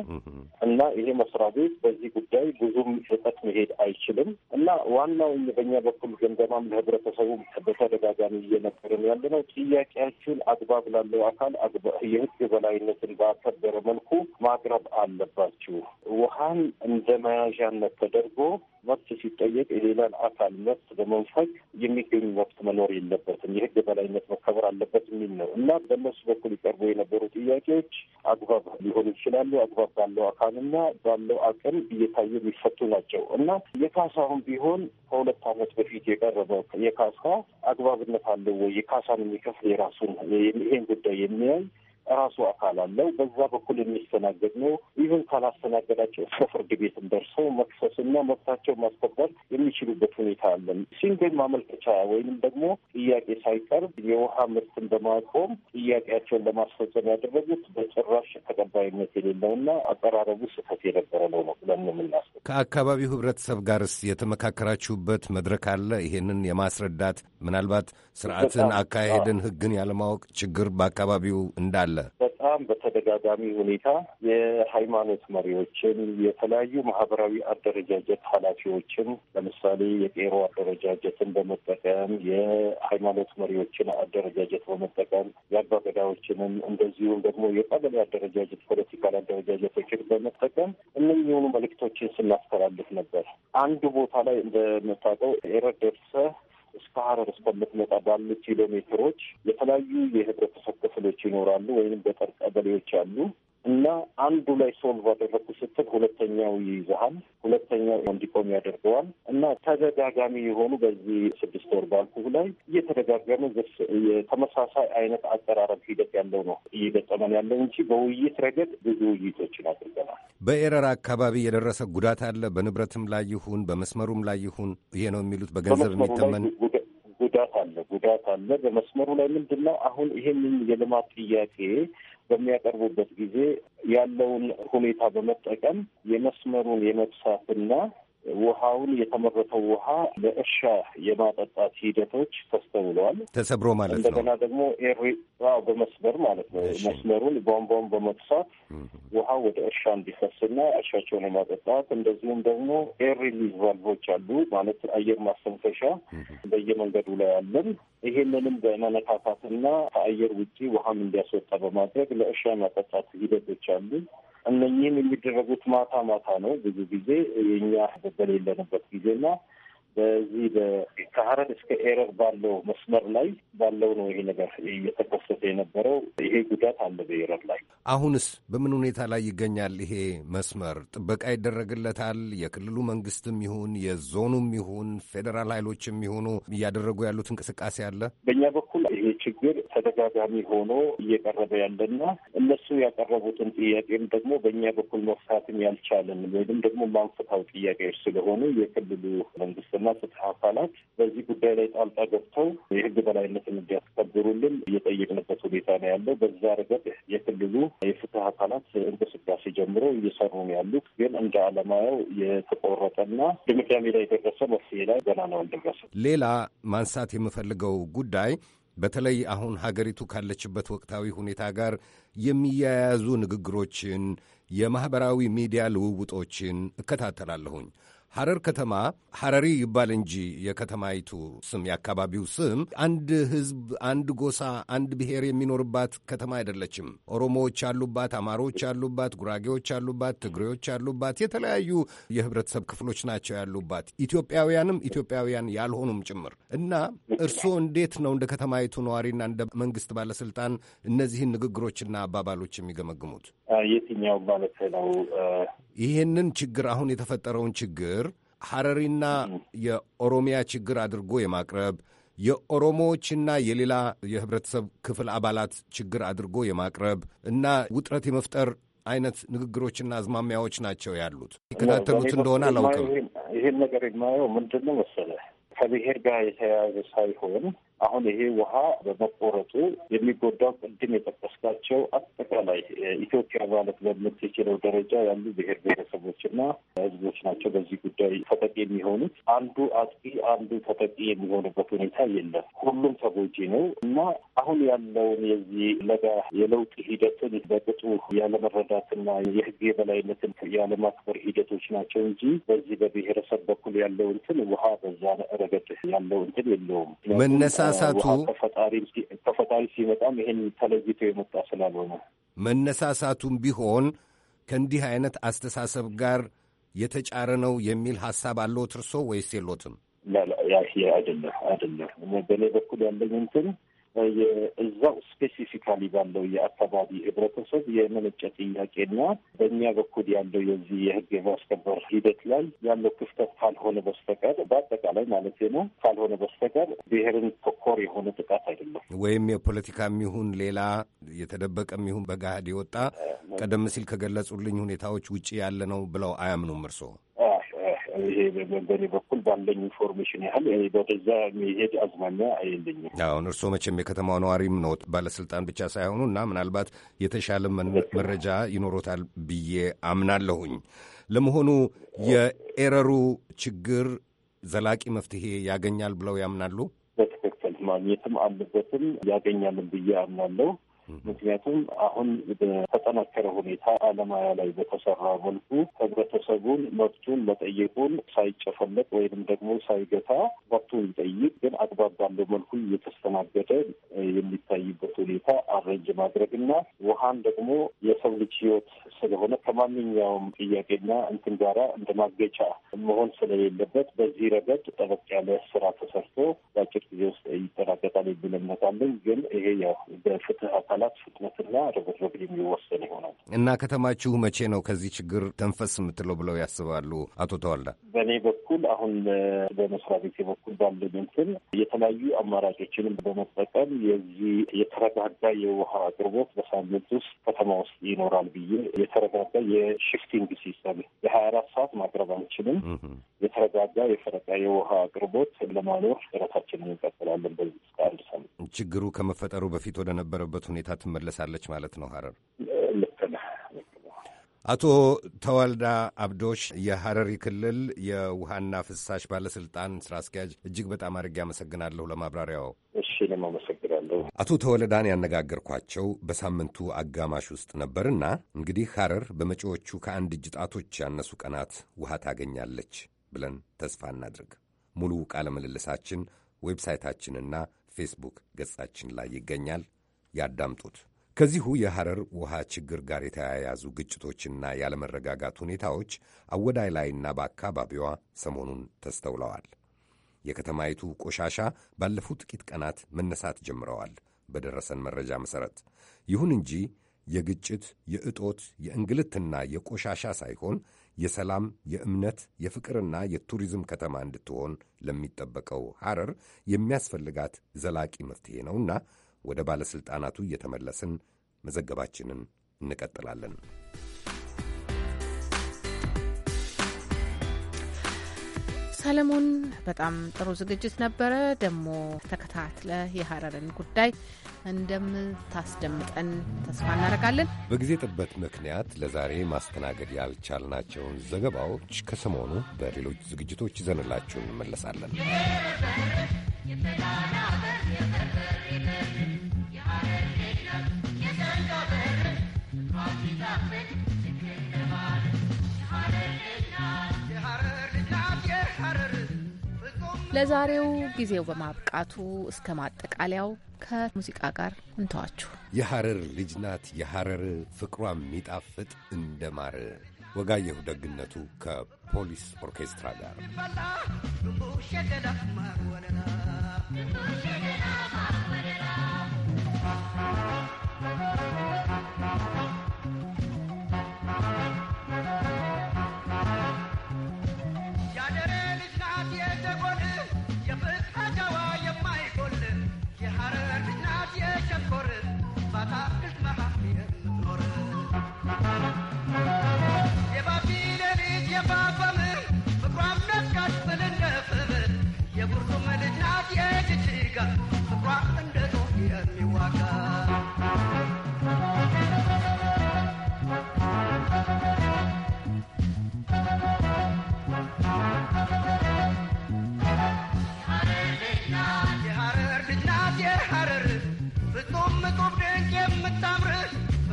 እና ይሄ መስሪያ ቤት በዚህ ጉዳይ ብዙም ርቀት መሄድ አይችልም እና ዋናው በኛ በኩል ገንዘማም ለህብረተሰቡ በተደጋጋሚ እየነበርን ያለ ነው። አግባብ ላለው አካል የህግ በላይነትን ባከበረ መልኩ ማቅረብ አለባችሁ። ውሃን እንደ መያዣነት ተደርጎ መብት ሲጠየቅ የሌላን አካል መብት በመንፈግ የሚገኙ መብት መኖር የለበትም፣ የህግ በላይነት መከበር አለበት የሚል ነው እና በእነሱ በኩል ይቀርቡ የነበሩ ጥያቄዎች አግባብ ሊሆኑ ይችላሉ። አግባብ ባለው አካልና ባለው አቅም እየታዩ የሚፈቱ ናቸው እና የካሳሁን ቢሆን ከሁለት ዓመት በፊት የቀረበው የካሳ አግባብነት አለው ወይ? የካሳን የሚከፍል የራሱን ይሄን ጉዳይ የሚያይ ራሱ አካል አለው። በዛ በኩል የሚስተናገድ ነው። ኢቨን ካላስተናገዳቸው እስከ ፍርድ ቤትም ደርሰው መክሰስ እና መብታቸው ማስከበር የሚችሉበት ሁኔታ አለን። ሲንግል ማመልከቻ ወይንም ደግሞ ጥያቄ ሳይቀርብ የውሃ ምርትን በማቆም ጥያቄያቸውን ለማስፈጸም ያደረጉት በጭራሽ ተቀባይነት የሌለው እና አቀራረቡ ስህተት የነበረ ነው ነው ብለን የምናስብ። ከአካባቢው ህብረተሰብ ጋርስ የተመካከራችሁበት መድረክ አለ? ይሄንን የማስረዳት ምናልባት ስርዓትን፣ አካሄድን፣ ህግን ያለማወቅ ችግር በአካባቢው እንዳለ አለ። በጣም በተደጋጋሚ ሁኔታ የሃይማኖት መሪዎችን፣ የተለያዩ ማህበራዊ አደረጃጀት ኃላፊዎችን ለምሳሌ የቄሮ አደረጃጀትን በመጠቀም የሃይማኖት መሪዎችን አደረጃጀት በመጠቀም የአባገዳዎችንም እንደዚሁም ደግሞ የቀበሌ አደረጃጀት ፖለቲካል አደረጃጀቶችን በመጠቀም እነኝሆኑ መልእክቶችን ስናስተላልፍ ነበር። አንድ ቦታ ላይ እንደምታውቀው ኤረር እስከ ሀረር እስከምትመጣ ባሉ ኪሎ ሜትሮች የተለያዩ የህብረተሰብ ክፍሎች ይኖራሉ ወይም ገጠር ቀበሌዎች አሉ። እና አንዱ ላይ ሶልቭ አደረግኩ ስትል ሁለተኛው ይይዘሃል፣ ሁለተኛው እንዲቆም ያደርገዋል። እና ተደጋጋሚ የሆኑ በዚህ ስድስት ወር ባልኩ ላይ እየተደጋገመ የተመሳሳይ አይነት አቀራረብ ሂደት ያለው ነው እየገጠመን ያለው እንጂ በውይይት ረገድ ብዙ ውይይቶችን አድርገናል። በኤረር አካባቢ የደረሰ ጉዳት አለ። በንብረትም ላይ ይሁን በመስመሩም ላይ ይሁን ይሄ ነው የሚሉት በገንዘብ የሚተመን ጉዳት አለ። ጉዳት አለ። በመስመሩ ላይ ምንድን ነው አሁን ይሄንን የልማት ጥያቄ በሚያቀርቡበት ጊዜ ያለውን ሁኔታ በመጠቀም የመስመሩን የመብሳትና ውሃውን የተመረተው ውሃ ለእርሻ የማጠጣት ሂደቶች ተስተውለዋል። ተሰብሮ ማለት ነው። እንደገና ደግሞ ኤሪ በመስመር ማለት ነው። መስመሩን ቧንቧን በመጥሳት ውሃ ወደ እርሻ እንዲፈስና እርሻቸውን የማጠጣት እንደዚሁም ደግሞ ኤሪ ሪሊዝ ቫልቮች አሉ ማለት አየር ማስተንፈሻ በየመንገዱ ላይ አለን። ይሄንንም በመነካካትና ከአየር ውጪ ውሃም እንዲያስወጣ በማድረግ ለእርሻ የማጠጣት ሂደቶች አሉ። እነኚህም የሚደረጉት ማታ ማታ ነው። ብዙ ጊዜ የእኛ በሌለንበት ጊዜና በዚህ ከሀረር እስከ ኤረር ባለው መስመር ላይ ባለው ነው ይሄ ነገር እየተከሰተ የነበረው። ይሄ ጉዳት አለ በኤረር ላይ። አሁንስ በምን ሁኔታ ላይ ይገኛል ይሄ መስመር? ጥበቃ ይደረግለታል? የክልሉ መንግስትም ይሁን የዞኑም ይሁን ፌዴራል ኃይሎችም ይሁኑ እያደረጉ ያሉት እንቅስቃሴ አለ? በእኛ በኩል ይሄ ችግር ተደጋጋሚ ሆኖ እየቀረበ ያለና እነሱ ያቀረቡትን ጥያቄም ደግሞ በእኛ በኩል መፍታትም ያልቻለን ወይም ደግሞ ማንፈታው ጥያቄዎች ስለሆኑ የክልሉ መንግስት እና ፍትህ አካላት በዚህ ጉዳይ ላይ ጣልቃ ገብተው የህግ በላይነትን እንዲያስከብሩልን እየጠየቅንበት ሁኔታ ነው ያለው። በዛ ረገድ የክልሉ የፍትህ አካላት እንቅስቃሴ ጀምሮ እየሰሩ ነው ያሉት። ግን እንደ አለማየው የተቆረጠና ድምዳሜ ላይ የደረሰ መፍትሄ ላይ ገና ነው አልደረሰም። ሌላ ማንሳት የምፈልገው ጉዳይ በተለይ አሁን ሀገሪቱ ካለችበት ወቅታዊ ሁኔታ ጋር የሚያያዙ ንግግሮችን፣ የማኅበራዊ ሚዲያ ልውውጦችን እከታተላለሁኝ። ሐረር ከተማ ሐረሪ ይባል እንጂ የከተማይቱ ስም የአካባቢው ስም አንድ ህዝብ አንድ ጎሳ፣ አንድ ብሔር የሚኖርባት ከተማ አይደለችም። ኦሮሞዎች አሉባት፣ አማሮች አሉባት፣ ጉራጌዎች አሉባት፣ ትግሬዎች አሉባት፣ የተለያዩ የህብረተሰብ ክፍሎች ናቸው ያሉባት፣ ኢትዮጵያውያንም ኢትዮጵያውያን ያልሆኑም ጭምር እና እርስዎ እንዴት ነው እንደ ከተማይቱ ነዋሪና እንደ መንግስት ባለስልጣን እነዚህን ንግግሮችና አባባሎች የሚገመግሙት? የትኛው ማለት ነው? ይህንን ችግር አሁን የተፈጠረውን ችግር ሀረሪና የኦሮሚያ ችግር አድርጎ የማቅረብ የኦሮሞዎችና የሌላ የህብረተሰብ ክፍል አባላት ችግር አድርጎ የማቅረብ እና ውጥረት የመፍጠር አይነት ንግግሮችና አዝማሚያዎች ናቸው ያሉት። ይከታተሉት እንደሆነ አላውቅም። ይህን ነገር የማየው ምንድን ነው መሰለህ ከብሔር ጋር የተያያዘ ሳይሆን አሁን ይሄ ውሃ በመቆረጡ የሚጎዳው ቅድም የጠቀስካቸው አጠቃላይ ኢትዮጵያ ማለት በምትችለው ደረጃ ያሉ ብሔር ብሔረሰቦችና ሕዝቦች ናቸው። በዚህ ጉዳይ ተጠቂ የሚሆኑት አንዱ አጥቂ አንዱ ተጠቂ የሚሆንበት ሁኔታ የለም። ሁሉም ተጎጂ ነው እና አሁን ያለውን የዚህ ለጋ የለውጥ ሂደትን በቅጡ ያለመረዳትና የህግ የበላይነትን ያለማክበር ሂደቶች ናቸው እንጂ በዚህ በብሔረሰብ በኩል ያለው እንትን ውሃ በዛ ረገድ ያለው እንትን የለውም መነሳ መነሳሳቱ ተፈጣሪ ሲመጣም ይህን ተለይቶ የመጣ ስላልሆነ መነሳሳቱም ቢሆን ከእንዲህ አይነት አስተሳሰብ ጋር የተጫረ ነው የሚል ሀሳብ አለዎት እርሶ ወይስ የሎትም? ያ አይደለም አይደለም። በእኔ በኩል ያለኝ እንትን እዛው ስፔሲፊካሊ ባለው የአካባቢ ህብረተሰብ የመነጨ ጥያቄና በእኛ በኩል ያለው የዚህ የህግ የማስከበር ሂደት ላይ ያለው ክፍተት ካልሆነ በስተቀር በአጠቃላይ ማለት ነው ካልሆነ በስተቀር ብሔርን ተኮር የሆነ ጥቃት አይደለም ወይም የፖለቲካ ይሁን ሌላ የተደበቀ ይሁን በገሃድ የወጣ ቀደም ሲል ከገለጹልኝ ሁኔታዎች ውጭ ያለ ነው ብለው አያምኑም እርስዎ? ይሄ በእኔ በኩል ባለኝ ኢንፎርሜሽን ያህል ወደዛ የሚሄድ አዝማሚያ የለኝም። አሁን እርስዎ መቼም የከተማው ነዋሪም ነው ባለስልጣን ብቻ ሳይሆኑ እና ምናልባት የተሻለ መረጃ ይኖሮታል ብዬ አምናለሁኝ። ለመሆኑ የኤረሩ ችግር ዘላቂ መፍትሄ ያገኛል ብለው ያምናሉ? በትክክል ማግኘትም አለበትም ያገኛልን ብዬ አምናለሁ። ምክንያቱም አሁን በተጠናከረ ሁኔታ አለማያ ላይ በተሰራ መልኩ ህብረተሰቡን መብቱን መጠየቁን ሳይጨፈለቅ ወይንም ደግሞ ሳይገታ መብቱን ይጠይቅ፣ ግን አግባብ ባለው መልኩ እየተስተናገደ የሚታይበት ሁኔታ አረንጅ ማድረግ እና ውሀን ደግሞ የሰው ልጅ ህይወት ስለሆነ ከማንኛውም ጥያቄና እንትን ጋራ እንደ ማገቻ መሆን ስለሌለበት በዚህ ረገድ ጠበቅ ያለ ስራ ተሰርቶ በአጭር ጊዜ ውስጥ ይጠናቀቃል የሚል እምነት አለኝ። ግን ይሄ ያው በፍትህ አካላት ፍጥነትና ርብርብ የሚወሰን ይሆናል እና ከተማችሁ መቼ ነው ከዚህ ችግር ተንፈስ የምትለው ብለው ያስባሉ አቶ ተዋልዳ? በእኔ በኩል አሁን በመስሪያ ቤቴ በኩል ባለን እንትን የተለያዩ አማራጮችንም በመጠቀም የዚህ የተረጋጋ የውሃ አቅርቦት በሳምንት ውስጥ ከተማ ውስጥ ይኖራል ብዬ የተረጋጋ የሽፍቲንግ ሲስተም የሀያ አራት ሰዓት ማቅረብ አንችልም። የተረጋጋ የፈረቃ የውሃ አቅርቦት ለማኖር ጥረታችንን እንቀጥላለን። በዚህ እስከ አንድ ሳምንት ችግሩ ከመፈጠሩ በፊት ወደ ነበረበት ሁኔታ ሁኔታ ትመለሳለች ማለት ነው ሀረር። አቶ ተዋልዳ አብዶሽ የሀረሪ ክልል የውሃና ፍሳሽ ባለስልጣን ስራ አስኪያጅ፣ እጅግ በጣም አድርጌ አመሰግናለሁ ለማብራሪያው። እሺ እኔም አመሰግናለሁ። አቶ ተወለዳን ያነጋገርኳቸው በሳምንቱ አጋማሽ ውስጥ ነበርና እንግዲህ ሀረር በመጪዎቹ ከአንድ እጅ ጣቶች ያነሱ ቀናት ውሃ ታገኛለች ብለን ተስፋ እናድርግ። ሙሉ ቃለ ምልልሳችን ዌብሳይታችንና ፌስቡክ ገጻችን ላይ ይገኛል። ያዳምጡት። ከዚሁ የሐረር ውሃ ችግር ጋር የተያያዙ ግጭቶችና ያለመረጋጋት ሁኔታዎች አወዳይ ላይና በአካባቢዋ ሰሞኑን ተስተውለዋል። የከተማይቱ ቆሻሻ ባለፉት ጥቂት ቀናት መነሳት ጀምረዋል በደረሰን መረጃ መሠረት። ይሁን እንጂ የግጭት የእጦት፣ የእንግልትና የቆሻሻ ሳይሆን የሰላም፣ የእምነት፣ የፍቅርና የቱሪዝም ከተማ እንድትሆን ለሚጠበቀው ሐረር የሚያስፈልጋት ዘላቂ መፍትሔ ነውና ወደ ባለሥልጣናቱ እየተመለስን መዘገባችንን እንቀጥላለን። ሰለሞን፣ በጣም ጥሩ ዝግጅት ነበረ። ደግሞ ተከታትለ የሀረርን ጉዳይ እንደምታስደምጠን ተስፋ እናደርጋለን። በጊዜ ጥበት ምክንያት ለዛሬ ማስተናገድ ያልቻልናቸውን ዘገባዎች ከሰሞኑ በሌሎች ዝግጅቶች ይዘንላችሁ እንመለሳለን። ለዛሬው ጊዜው በማብቃቱ እስከ ማጠቃለያው ከሙዚቃ ጋር እንተዋችሁ። የሐረር ልጅ ናት የሐረር ፍቅሯ የሚጣፍጥ እንደ ማር ወጋየሁ ደግነቱ ከፖሊስ ኦርኬስትራ ጋር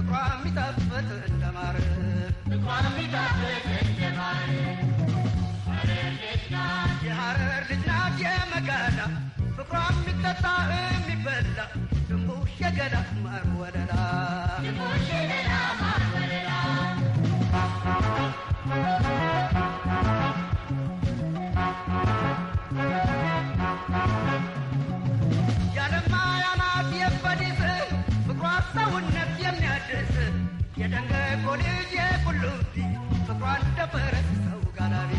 ንቋ የሚጣፍጥ እንደማር የሐረር ልጅ ናት የመጋዳ ፍቅሯ የሚጠጣ የሚበላ ድንቡሽ የገዳ ማር ወለላ Thank you. ልጅ የቁሉ ፍቅሯ እንደ ፈረስ ሰው ጋላቢ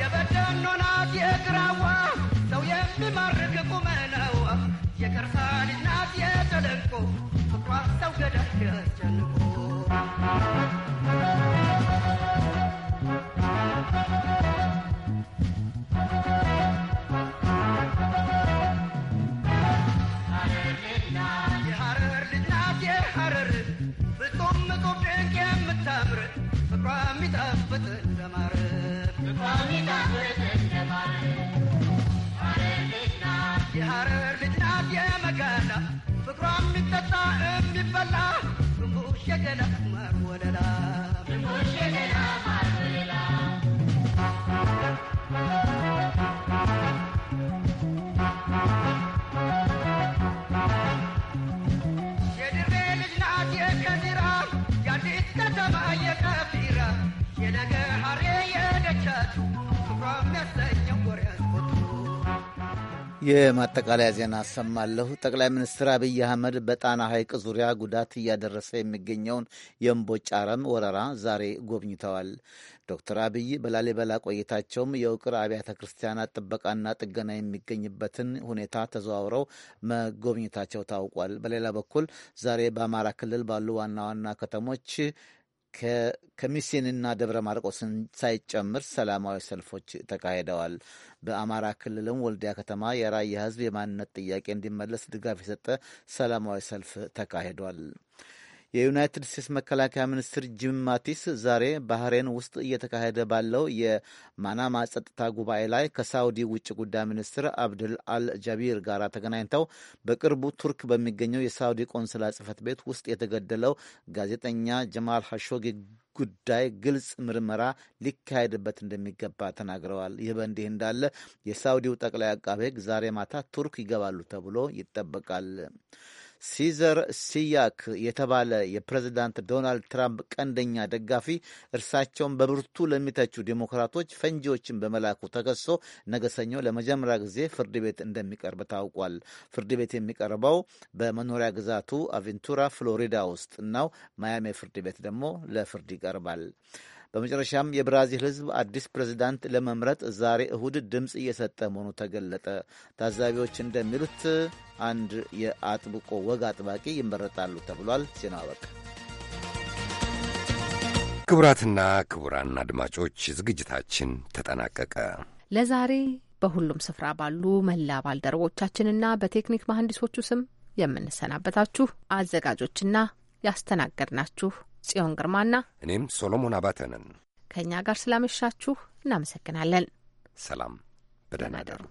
የበደኖ ናት የግራዋ ሰው የሚማርክ ቁመናዋ የቀርሳ ልጅ ናት የተለቆ ፍቅሯ ሰው ገዳይ ያስጨንቆ የሚጣፍጥ እንደማር የሀረር ልጅ ናት የመጋና ፍቅሯ የሚጠጣ የሚበላ ግንቡሽ የገላ ማር ወለላ Thank you. የማጠቃለያ ዜና አሰማለሁ። ጠቅላይ ሚኒስትር አብይ አህመድ በጣና ሐይቅ ዙሪያ ጉዳት እያደረሰ የሚገኘውን የእምቦጭ አረም ወረራ ዛሬ ጎብኝተዋል። ዶክተር አብይ በላሊበላ ቆይታቸውም የውቅር አብያተ ክርስቲያናት ጥበቃና ጥገና የሚገኝበትን ሁኔታ ተዘዋውረው መጎብኘታቸው ታውቋል። በሌላ በኩል ዛሬ በአማራ ክልል ባሉ ዋና ዋና ከተሞች ከሚሴንና ደብረ ማርቆስን ሳይጨምር ሰላማዊ ሰልፎች ተካሂደዋል። በአማራ ክልልም ወልዲያ ከተማ የራያ ሕዝብ የማንነት ጥያቄ እንዲመለስ ድጋፍ የሰጠ ሰላማዊ ሰልፍ ተካሂዷል። የዩናይትድ ስቴትስ መከላከያ ሚኒስትር ጂም ማቲስ ዛሬ ባህሬን ውስጥ እየተካሄደ ባለው የማናማ ጸጥታ ጉባኤ ላይ ከሳውዲ ውጭ ጉዳይ ሚኒስትር አብድል አል ጃቢር ጋር ተገናኝተው በቅርቡ ቱርክ በሚገኘው የሳውዲ ቆንስላ ጽፈት ቤት ውስጥ የተገደለው ጋዜጠኛ ጀማል ሐሾጊ ጉዳይ ግልጽ ምርመራ ሊካሄድበት እንደሚገባ ተናግረዋል። ይህ በእንዲህ እንዳለ የሳውዲው ጠቅላይ አቃቤ ሕግ ዛሬ ማታ ቱርክ ይገባሉ ተብሎ ይጠበቃል። ሲዘር ሲያክ የተባለ የፕሬዚዳንት ዶናልድ ትራምፕ ቀንደኛ ደጋፊ እርሳቸውን በብርቱ ለሚተቹ ዴሞክራቶች ፈንጂዎችን በመላኩ ተከሶ ነገ ሰኞ ለመጀመሪያ ጊዜ ፍርድ ቤት እንደሚቀርብ ታውቋል። ፍርድ ቤት የሚቀርበው በመኖሪያ ግዛቱ አቬንቱራ ፍሎሪዳ ውስጥ እናው ማያሚ ፍርድ ቤት ደግሞ ለፍርድ ይቀርባል። በመጨረሻም የብራዚል ሕዝብ አዲስ ፕሬዚዳንት ለመምረጥ ዛሬ እሁድ ድምፅ እየሰጠ መሆኑ ተገለጠ። ታዛቢዎች እንደሚሉት አንድ የአጥብቆ ወግ አጥባቂ ይመረጣሉ ተብሏል። ዜና አበቃ። ክቡራትና ክቡራን አድማጮች ዝግጅታችን ተጠናቀቀ ለዛሬ በሁሉም ስፍራ ባሉ መላ ባልደረቦቻችንና በቴክኒክ መሐንዲሶቹ ስም የምንሰናበታችሁ አዘጋጆችና ያስተናገድናችሁ ጽዮን ግርማና እኔም ሶሎሞን አባተ ነን። ከእኛ ጋር ስላመሻችሁ እናመሰግናለን። ሰላም፣ በደህና እደሩ።